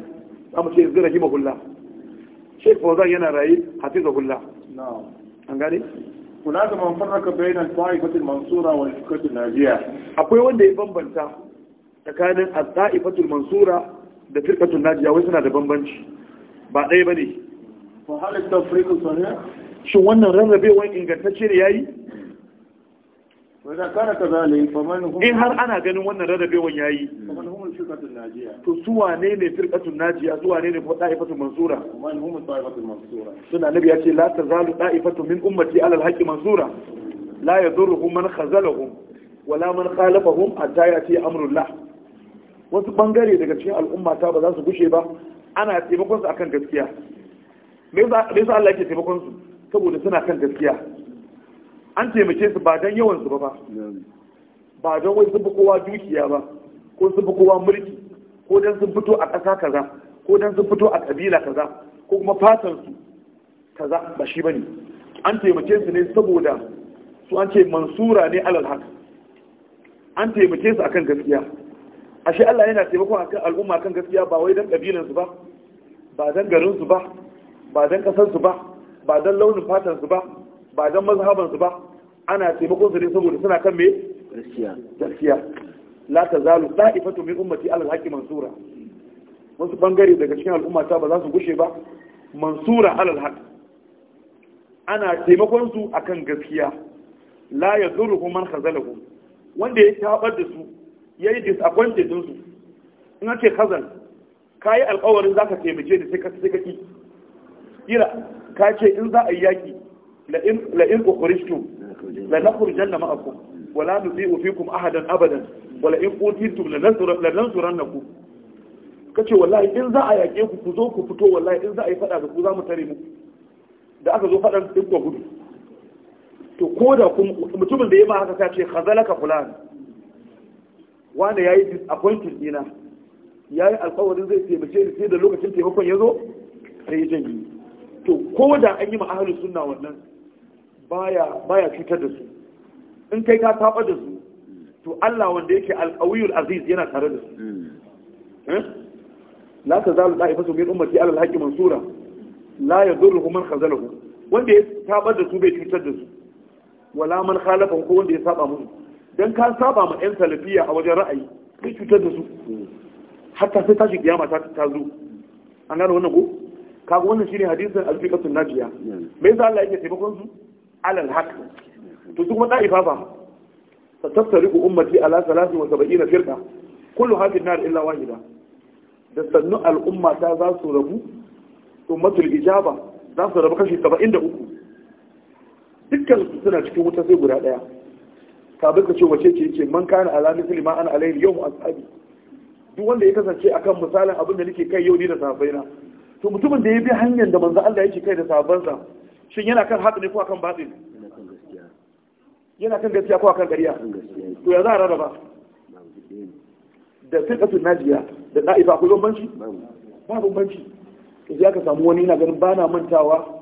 amma ce rahimahullah Sheikh Fauzan yana raye hafizahullah an gane kuna da man farraka bayanan ta'ifatul mansura wal fikratul najiya akwai wanda ya bambanta tsakanin at-ta'ifatul mansura da firqatul najiya wai suna da bambanci ba ɗaya bane fa hal at-tafriqu sahih shin wannan rarrabewan ingantacce ne yayi in har ana ganin wannan rarrabewan yayi to su wane ne firkatun najiya su wane ne kuma da'ifatun mansura suna nabi ya ce la tazalu da'ifatun min ummati alal alhaqi mansura la yadurruhum man khazalahum wala man khalafahum hatta yati Amurla. wasu bangare daga cikin al'umma ta ba za su gushe ba ana taimakon su akan gaskiya me yasa Allah yake taimakon su saboda suna kan gaskiya an taimake su ba don yawan su ba ba ba don wai sun fi kowa dukiya ba ko sun fi kowa mulki ko don sun fito a ƙasa kaza ko don sun fito a ƙabila kaza ko kuma fatan su kaza ba shi bane an taimake su ne saboda su an ce mansura ne alal haka an taimake su akan gaskiya ashe Allah yana taimakon akan al'umma akan gaskiya ba wai don ƙabilan su ba ba don garin su ba ba don ƙasar su ba ba don launin fatansu su ba ba dan su ba ana taimakon su ne saboda suna kan me gaskiya gaskiya la tazalu da'ifatu min ummati ala al mansura wasu bangare daga cikin al'ummata ba za su gushe ba mansura ala al ana taimakon su akan gaskiya la yadurruhum man khazalahu wanda ya tabar da su yayi disappointed din su in ce khazal kai alƙawarin zaka taimake ni sai ka sai ka ki kira ka ce in za a yi yaki la'in ukhrijtum la nakhrujanna ma'akum wa la nuti'u fikum ahadan abadan wa in qutiltum la nansurannakum kace wallahi in za a yake ku ku zo ku fito wallahi in za a yi fada da ku za mu tare muku da aka zo fadan din ku gudu to ko da kun mutumin da ya ma haka kace khazalaka fulan wanda yayi disappointed dina yayi alƙawarin zai taimake ni sai da lokacin taimakon ya zo sai ya janye to ko da an yi ma ahlus sunna wannan baya cutar da su in kai ka saba da su to Allah wanda yake alƙawiyul aziz yana tare da su hmm. eh? la da da'ifatu min ummati ala alhaqi mansura la yadurruhu man khazalahu wanda ya saba da su bai cutar da su wala man khalafa ko wanda ya saba musu dan ka saba ma ɗan salafiya a wajen ra'ayi bai cutar da su hmm. hatta sai tashi kiyama ta ta zo an gano wannan ko kaga wannan shine hadisin alfiqatu najiya hmm. me yasa Allah yake taimakon su alal haq to duk kuma ifa ba fa ku ummati ala 73 firqa kullu hadin nar illa wahida da sannu al'umma ta za su rabu matul ijaba za su rabu kashi 73 dukkan su suna cikin wuta sai guda daya kafin ka ce wace ce ce man kana ala misli ma ana alayhi yawm ashabi duk wanda ya kasance akan misalin abin da nake kai yau ni da safaina. to mutumin da ya bi hanyar da manzo Allah yake kai da sahabbansa shin yana kan haɗu ne ko akan batsi? yana kan gaskiya ko akan gariya to ya za a rarraba da firƙatun najiya da ɗa'ifa akwai bambanci ba bambanci to sai aka samu wani yana ganin bana mantawa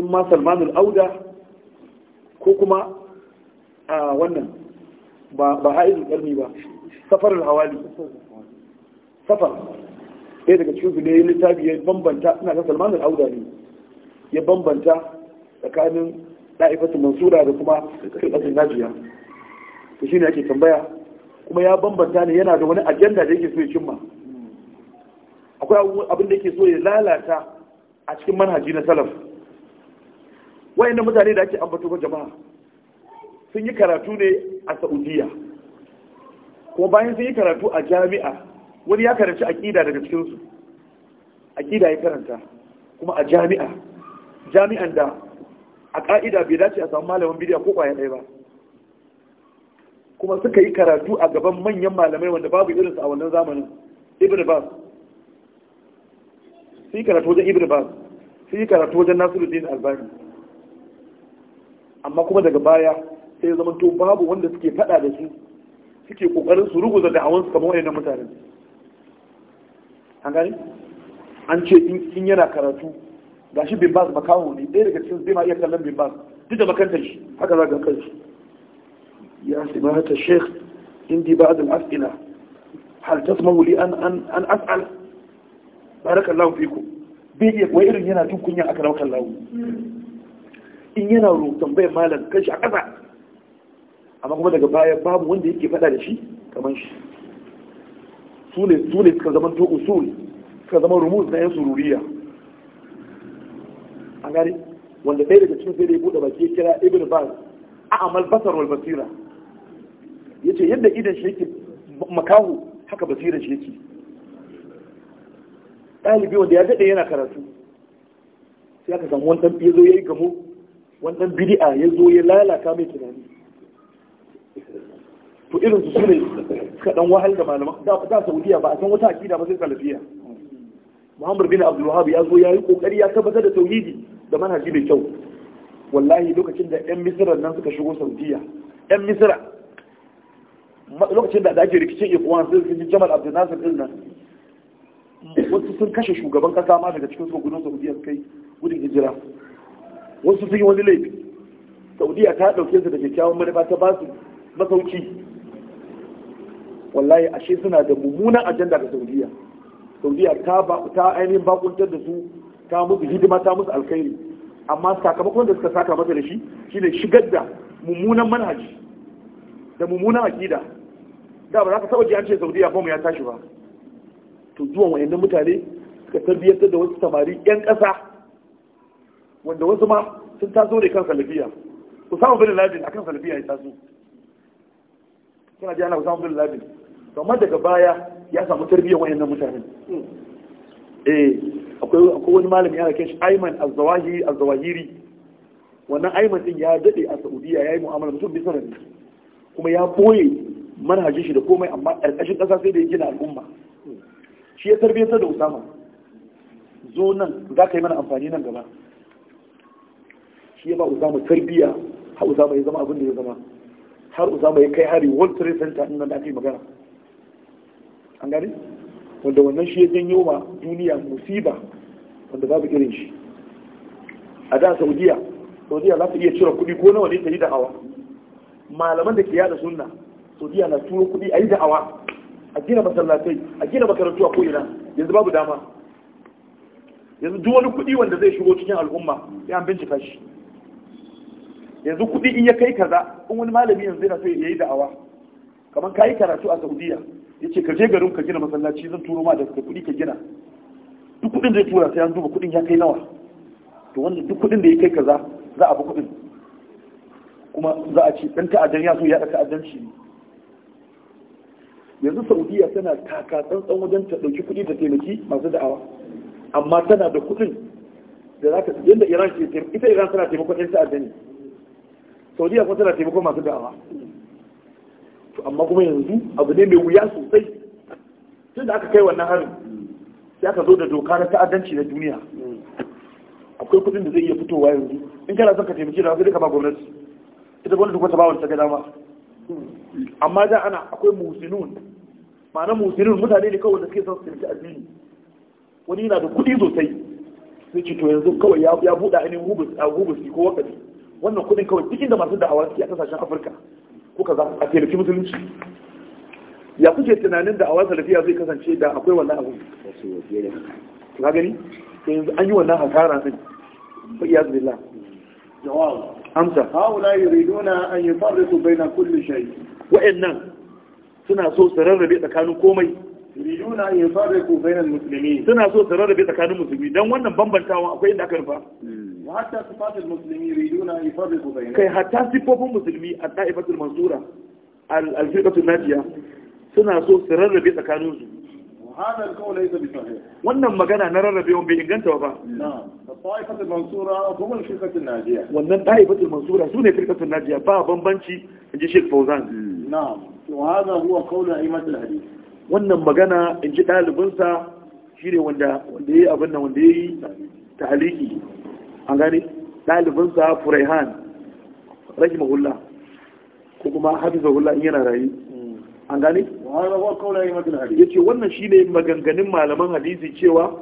in ma salmanul auda ko kuma a wannan ba haizul ƙarni ba al hawali safar ɗaya daga cikin su ne littafi ya bambanta ina ga salmanul auda ne ya bambanta tsakanin da'ifatu mansura da kuma firqatul najiya shi ne ake tambaya kuma ya bambanta ne yana da wani ajanda da yake so ya cimma akwai abin da yake so ya lalata a cikin manhaji na salaf wayannan mutane da ake ambato ga jama'a sun yi karatu ne a Saudiya kuma bayan sun yi karatu a jami'a wani ya karanci akida daga cikinsu? akida ya karanta kuma a jami'a jami'an da a ƙa'ida bai dace a samu malamin bidiyar ko ƙwaya ɗaya ba kuma suka yi karatu a gaban manyan malamai wanda babu irinsu a wannan zamanin ibn bas sun yi karatu wajen ibn bas sun yi karatu wajen nasiruddin albani amma kuma daga baya sai zama to babu wanda suke faɗa da su suke kokarin su ruguza da'awansu kamar wayannan mutanen an gani an ce in yana karatu shi bin bas kawo ne ɗaya daga cikin zai ma iya kallon bin bas duk da makantar shi haka za ka kai shi ya ta sheikh indi ba al-as'ila hal suma wuli an as'al. ba da kallon fiko bai iya wai irin yana tun kunya aka raukan lawo in yana roƙon bai malam kan shi a ƙasa amma kuma daga baya babu wanda yake faɗa da shi kamar shi su ne suka zama to usul suka zama rumuz na yan sururiya an gari wanda ɗaya daga cikin sai da ya buɗe baki ya kira ibn baz a amal basar wal basira ya ce yadda idan shi yake makahu haka basirar shi yake ɗalibi wanda ya daɗe yana karatu sai aka samu wani ɗan ya zo ya yi gamo wani ɗan bidi'a ya zo ya lalata mai tunani to irin su sune suka dan wahal da malaman da da Saudiya ba a san wata akida ba sai salafiya Muhammad bin Abdul Wahhab ya zo ya yi kokari ya tabbatar da tauhidi da manhaji mai kyau wallahi lokacin da 'yan misira nan suka shigo saudiya 'yan misira lokacin da ake rikicin ikuwan sun sun jamal abdul nasir din nan wasu sun kashe shugaban kasa ma daga cikin su gudun saudiya su kai gudun hijira wasu sun yi wani laifi saudiya ta ɗauke su da kyakkyawan manufa ta ba su masauki wallahi ashe suna da mummunan ajanda ga saudiya saudiya ta ainihin bakuntar da su ta musu hidima ta musu alkhairi amma sakamakon da suka saka masa da shi shine shigar da mummunan manhaji da mummunan akida da ba za ka saba ji an ce saudiya bom ya tashi ba to zuwan wayannan mutane suka tarbiyyantar da wasu samari yan ƙasa wanda wasu ma sun taso ne kan salafiya usama bin laden akan salafiya ya taso suna ji ana usama bin laden kamar daga baya ya samu tarbiyyar wayannan mutanen eh akwai wani malami ana kai shi Ayman al zawahiri wannan Ayman din ya dade a Saudiya yayi mu'amala mutum bisa da kuma ya boye manhajin shi da komai amma ƙarƙashin ƙasa sai da ya gina al'umma shi ya tarbiyyar da Usama zo nan za ka yi mana amfani nan gaba shi ya ba Usama tarbiyya har Usama ya zama abin da ya zama har Usama ya kai hari World Trade Center din nan da aka yi magana an gani wanda wannan shi ya janyo ma duniya musiba wanda babu irin shi a da saudiya saudiya za su iya cire kuɗi ko nawa ne ta yi da'awa malaman da ke yada suna, saudiya na turo kuɗi a yi da'awa a gina masallatai a gina makarantu a ko'ina yanzu babu dama yanzu duk wani kuɗi wanda zai shigo cikin al'umma ya an bincika shi yanzu kuɗi in ya kai kaza in wani malami yanzu yana so ya yi da'awa kamar ka yi karatu a saudiya ya ce ka je garin ka gina masallaci zan turo ma da kudi ka gina duk kudin da ya tura sai an duba kudin ya kai nawa to wanda duk kudin da ya kai kaza za a bi kudin kuma za a ce dan ta'addan ya so ya daka ta'addanci ne yanzu saudiya tana taka tsantsan wajen ta dauki kudi da taimaki masu da'awa amma tana da kudin da za ka yadda iran ke taimako ita iran tana taimakon yan ta'adda ne saudiya kuma tana taimakon masu da'awa to amma kuma yanzu abu ne mai wuya sosai tun da aka kai wannan harin sai aka zo da doka na ta'addanci na duniya akwai kudin da zai iya fitowa yanzu in kana son ka taimaki da sai ka ba gwamnati ita gwamnati duk ta ba wani ta ga dama amma da ana akwai musinun ma'ana musinun mutane ne kawai da suke son su taimaki addini wani yana da kudi sosai sai ce to yanzu kawai ya buɗe ainihin hubusi ko wakati wannan kudin kawai duk inda masu da'awa suke a kasashen afirka ko kaza a taimaki musulunci ya kuke tunanin da awar salafiya zai kasance da akwai wannan abu ka gani yanzu an yi wannan hasara din fa iyaz billah jawab amsa haula yuriduna an yufarriqu baina kulli shay wa'annan suna so su rarrabe tsakanin komai yuriduna an yufarriqu baina almuslimin suna so su rarrabe tsakanin musulmi dan wannan bambantawa akwai inda aka rufa wa hatta sifatul muslimin yuriduna an yufarriqu baina kai hatta sifofin musulmi a ta'ifatul mansura al-firqatul najiya suna so su rarrabe tsakaninsu wannan magana na rarrabe wani bai inganta ba wannan ɗaifatul mansura su ne firkatun najiya ba bambanci in ji sheik fauzan wannan magana in ji ɗalibinsa shi ne wanda ya yi abin wanda ya yi ta haliki an gani ɗalibinsa furaihan rahimahullah ko kuma hafizahullah in yana rayu an gane yace wannan shine maganganun malaman hadisi cewa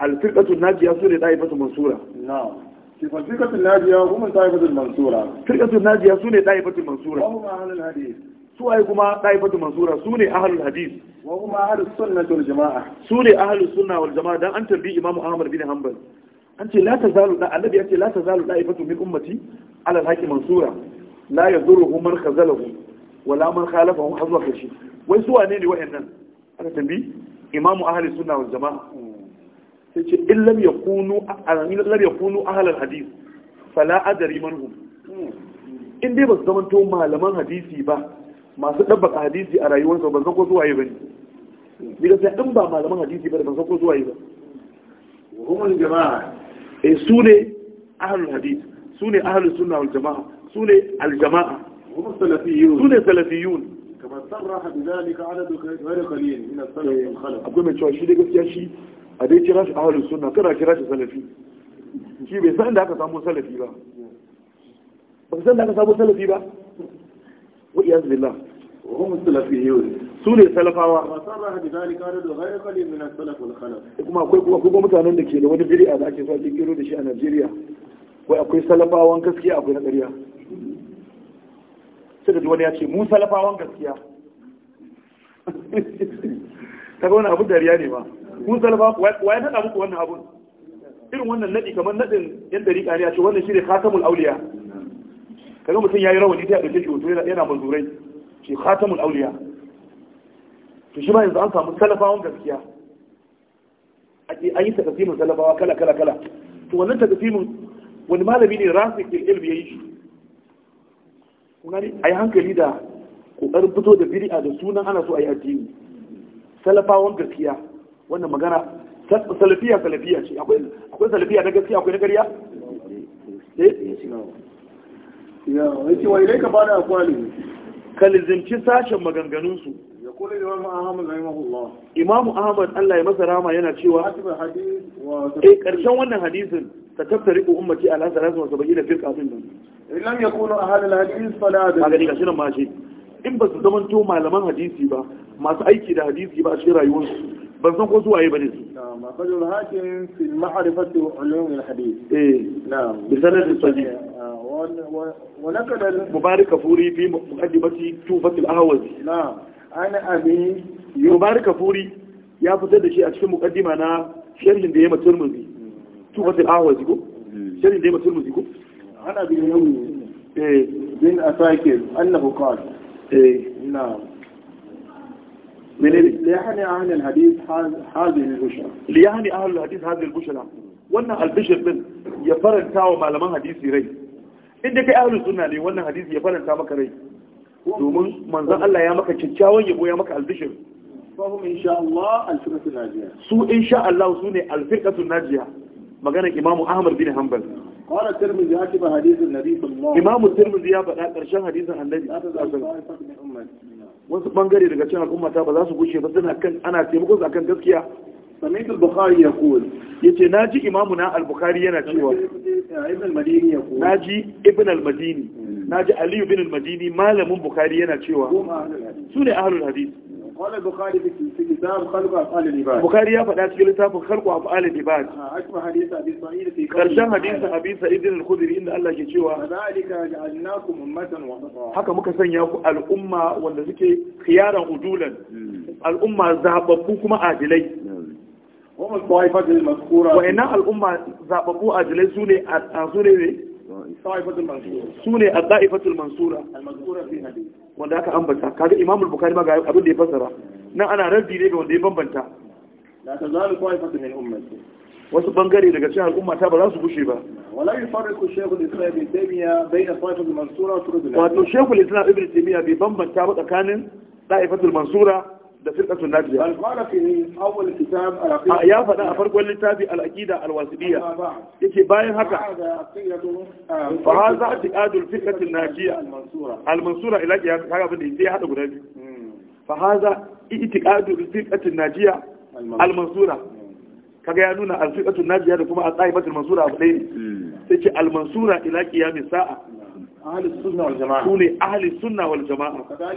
al-firqatu najiya su da da'ifatu mansura na'am firqatu najiya hum da'ifatu mansura firqatu najiya su ne da'ifatu mansura hum ahlul hadith su ai kuma da'ifatu mansura su ne ahlul hadith wa kuma ahlus sunnah wal jama'a su ne ahlus sunna wal jama'a dan an tambayi imam ahmad bin hanbal an ce la tazalu da annabi ya ce la tazalu da'ifatu min ummati ala al-haqi mansura la yadurruhum man khazalahu wala man khalafa har zuwa karshe wai zuwa ne ne wayannan aka tambi imamu ahli sunna wal jama'a sai ce in lam yakunu in lam yakunu ahlal hadith fala adri manhum in dai ba su zama to malaman hadisi ba masu dabbaka hadisi a rayuwarsa ba zan ko zuwa yi bane ni ga sai in ba malaman hadisi ba ban san ko zuwa yi ba humul jama'a eh su ne ahlul hadith su ne ahlus sunna wal jama'a su ne al jama'a su ne salafiyun kamar sarraha da zalika adadu gari qalil min as-salaf al-khalaf eh, akwai mai cewa shi da gaskiya shi a dai kira shi ahlus sunna kana kira shi salafi shi bai san da aka samu salafi ba ba san da aka samu salafi ba wa iyaz billah wa hum salafiyun su ne salafawa wa sarraha da zalika adadu gari qalil min as-salaf al-khalaf eh, kuma akwai kuma kuma mutanen da ke da wani bid'a da ake so a kirkiro da shi a Najeriya wai akwai salafawan gaskiya akwai na ƙarya sai da wani ya ce mu salafawan gaskiya kaga wani abun dariya ne ba mu salafa wa ya nada muku wannan abun irin wannan nadi kamar nadin yan dariƙa ne a ce wannan shine khatamul auliya kaga mutum yayi rawani sai a dauke shi hoto yana mazurai shi khatamul auliya to shi ba yanzu an samu salafawan gaskiya an yi takasimin salafawa kala kala kala to wannan takasimin wani malami ne rafi ilmi ya yi shi a yi hankali da kokar fito da biri'a da sunan ana so ayi addini salafawan gaskiya wannan magana salafiya salafiya ce akwai salafiya na gaskiya akwai na gariya. Eh? ya yace wa ka bada akwali kalizinci sashen maganganunsu ya da wani ahmad imamu ahmad Allah ya masa rama yana cewa a karshen eh, wannan hadisin ta tattari ummati da firka sun don lam yakunu ahlul hadith fala da shirin ma in ba su zaman to malaman hadisi ba masu aiki da hadisi ba a cikin ban san ko su waye bane su na'am akadul hakim fi ma'rifati ulum al eh na'am bi sanad sahih wa nakada mubarak furi fi muqaddimati tufat al na'am ana abi mubarak furi ya fitar da shi a cikin muqaddima na sharhin da yayi maturmuzi hmm. tufat al ko hmm. sharhin da yayi maturmuzi ko عن أبي اليمين بن أساكر أنه قال نعم من ليعني أهل الحديث هذه البشرى ليعني أهل الحديث هذه البشرى wannan albishir din ya faranta wa malaman hadisi rai inda kai ahlus sunna ne wannan hadisi ya faranta maka rai domin manzon Allah ya maka kyakkyawan yabo ya maka albishir fahum insha Allah alfirqatu najiya su insha Allah su ne alfirqatu najiya magana Imamu Ahmad bin Hanbal قال الترمذي هاتف حديث النبي صلى الله عليه wasu bangare daga cin al'ummata ba za su gushe ba suna kan ana taimako su akan gaskiya ya ce na ji imamuna al yana cewa na ji ibn al-madini na ji aliyu bin al-madini malamin bukari yana cewa su ne ahalul hadisi. wala bukhari kitab af'al al-ibad bukhari ya fada cikin littafin khalq af'al al-ibad akma hadith abi sa'id fi karshen hadith abi sa'id al-khudri inda Allah ke cewa zalika ja'alnakum ummatan wasata haka muka sanya ku al'umma wanda suke khiyaran udulan al'umma zababbu kuma adilai wa ta'ifatul mazkura wa inna al'umma zababbu adilai sune a sune ne a mansura al-mazkura fi hadith wanda aka ambata kaga imamul bukari ma ga abin da ya fassara nan ana raddi ne ga wanda ya bambanta la tazalu qa'ifatu min ummati wasu bangare daga cikin al'umma ta ba za su gushe ba wala yufarriqu shaykhu al-islam ibn taymiya bayna ta'ifatul mansura wa turud wato shaykhu al-islam ibn taymiya bai bambanta ba tsakanin ta'ifatul mansura da firqatu najiya ya faɗa a farkon littafi al-aqida al-wasiliya yace bayan haka fa hadha ah, i'tiqadu al-firqatu najiya al-mansura ila qiyas kaga abin da ya hada guda biyu hmm. fa hadha i'tiqadu al-firqatu najiya al-mansura kaga ya nuna al-firqatu najiya da kuma al-ta'ibatul mansura abu ɗaya ne sai hmm. ce al-mansura ila Misa'a. su ne ahalin sunna wal jama'a haka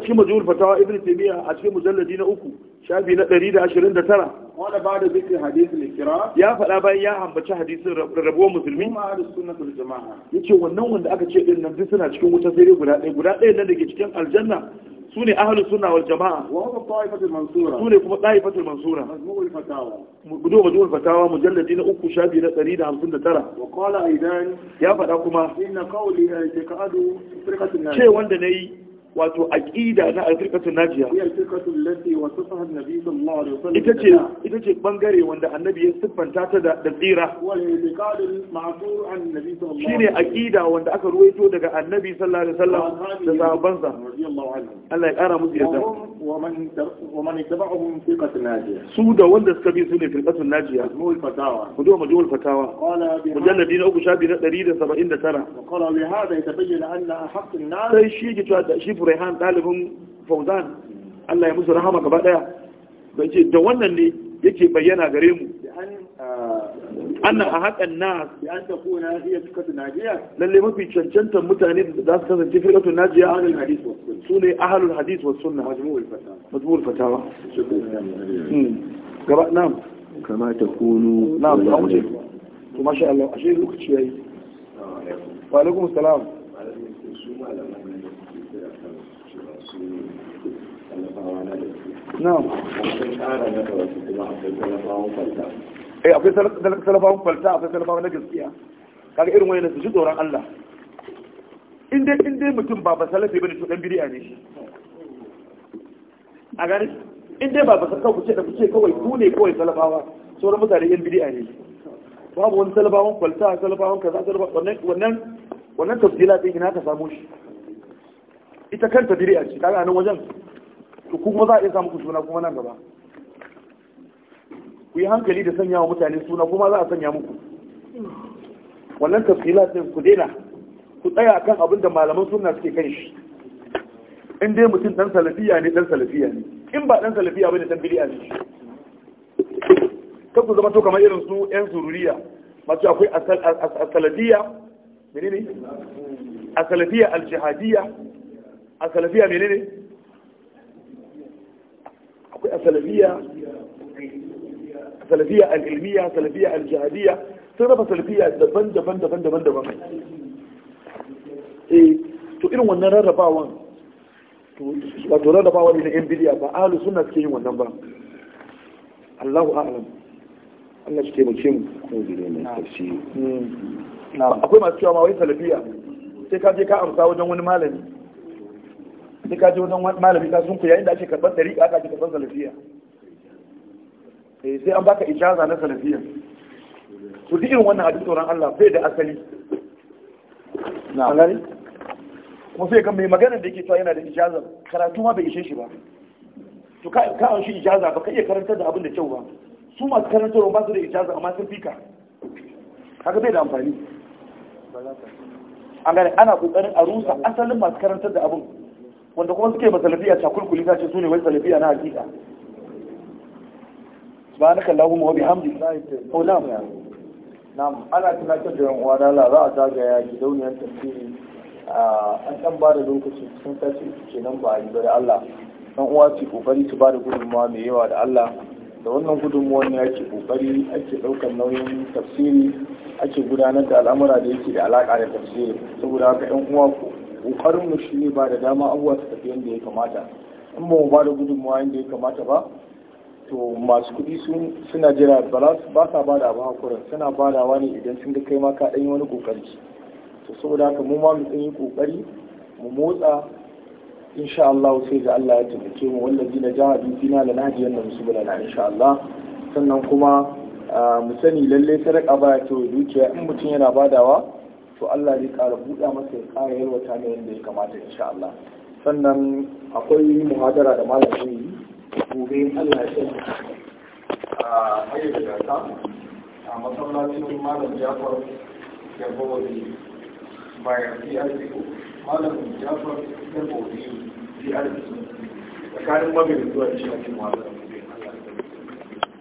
cikin majmu'ul fatawa ibn taymiya a cikin mujalladi na uku shafi na 129 wanda ba da zikirin hadisin ikira ya faɗa bayan ya ambaci hadisin rabuwar musulmi kuma ahalin sunna wal jama'a yace wannan wanda aka ce din nan duk suna cikin wuta sai guda ɗaya guda ɗaya nan da ke cikin aljanna su ne ahalus sunna wal jama'a wa su ne kuma ta'ifatul mansura majmu'ul fatawa budu fatawa mujalladi na uku biyu na 159 wa qala aidan ya faɗa kuma inna eh, wanda na yi ce wanda wato aƙida na alfirqatul najiya ita ce ita ce bangare wanda annabi ya siffanta ta da tsira shine aƙida wanda aka ruwaito daga annabi sallallahu alaihi wasallam da sahabbansa Allah ya ƙara musu yadda. su da wanda suka bi su ne firkatun najiya ku duba majmu'ul fatawa mujalladi na uku sha biyu na 179 da saba'in da tara. anna ahqqu an-nas sai shi ki ta shi ريحان طالبهم فوزان الله يمسو رحمة قبادة بيجي دوانا اللي يجي بيانا قريمو أن أحد الناس بأن تكون هذه فكرة ناجية للي ما في شنشنة متعني داس كان في فكرة ناجية أهل الحديث والسنة سوني أهل الحديث والسنة مجموع الفتاوى مجموع الفتاوى قراء نعم كما تكون نعم نعم ما شاء الله أشير لك شيء وعليكم السلام eh akwai talabawan kwalta akwai talabawan na gaskiya kaga irin wani su ji tsoron Allah in dai mutum ba ba salafi bane to dan bid'a ne shi a gani in dai ba ba ku ce da ce kawai ku ne kawai talabawa sauran mutane yan bid'a ne babu wani talabawan kwalta talabawan kaza talabawan wannan wannan tafsila din ina ka samu shi ita kanta bid'a ce kaga nan wajen to kuma za a iya samu suna kuma nan gaba ku yi hankali da sanya wa mutane suna kuma za a sanya muku wannan tafsila din ku daina ku tsaya kan abin da malaman suna suke kan shi in dai mutum dan salafiya ne dan salafiya ne in ba dan salafiya bane dan bid'a ne ta ku zama to kamar irin su yan zururiya, masu akwai asalafiya menene asalafiya aljihadiyya asalafiya menene akwai asalafiya salafiya al'ilmiya salafiya al-jihadiyya sun raba salafiya daban daban daban daban daban eh to irin wannan rarrabawan wato rarrabawan na yan bidiya ba ahalu suna suke yin wannan ba Allahu a'lam Allah shi taimake mu akwai masu cewa ma wai salafiya sai ka je ka amsa wajen wani malami sai ka ji wajen malami ka sun yayin da ake karɓar ɗariƙa aka ji karɓar salafiya eh, sai an baka ijaza na salafiya to irin wannan abin tsoron Allah bai da asali na kuma sai kan mai magana da yake cewa yana da ijaza karatu ma bai ishe shi ba to ka ka shi ijaza ba ka iya karantar da abin da kyau ba su masu karantarwa ba su da ijaza amma sun fika Haka bai da amfani an gane ana kokarin a rusa asalin masu karantar da abin wanda kuma suke ba salafiya cakulkuli ta ce su ne wani salafiya na hakika subhanaka allahumma wa bihamdika ko oh, na'am ana tunatar da yan uwa da za a zagaya gidauniyar tafsiri ah, an dan ba da lokaci sun tashi kenan ba a yi ba da Allah dan uwa ce kokari su ba da gudunmawa mai yawa da Allah da wannan gudunmawar ne ake kokari ake daukar nauyin tafsiri ake gudanar da al'amura da yake da alaka da tafsiri saboda haka yan uwa ko. kokarin mu shi ne ba da dama abuwa su tafi yadda ya kamata in ba mu ba da gudunmawa yadda ya kamata ba to masu kuɗi suna jira ba sa ba da abu suna ba da wani idan sun ga kai ma ka ɗanyi wani kokari to saboda haka mu ma mu ɗanyi kokari mu motsa insha Allah sai da Allah ya taimake mu wallazi na jihar fina na da na musu insha Allah sannan kuma ah, mu sani lalle sadaka baya to dukiya in mutum yana badawa to Allah zai ƙara buɗa masa ya ƙara yalwata ne yadda ya kamata insha Allah sannan akwai muhadara da malam zai yi gobe Allah ya sani a hayar da ta a masallacin malam Jafar Yarbawi bayan PRC malam Jafar Yarbawi PRC tsakanin mabirin zuwa cikin malam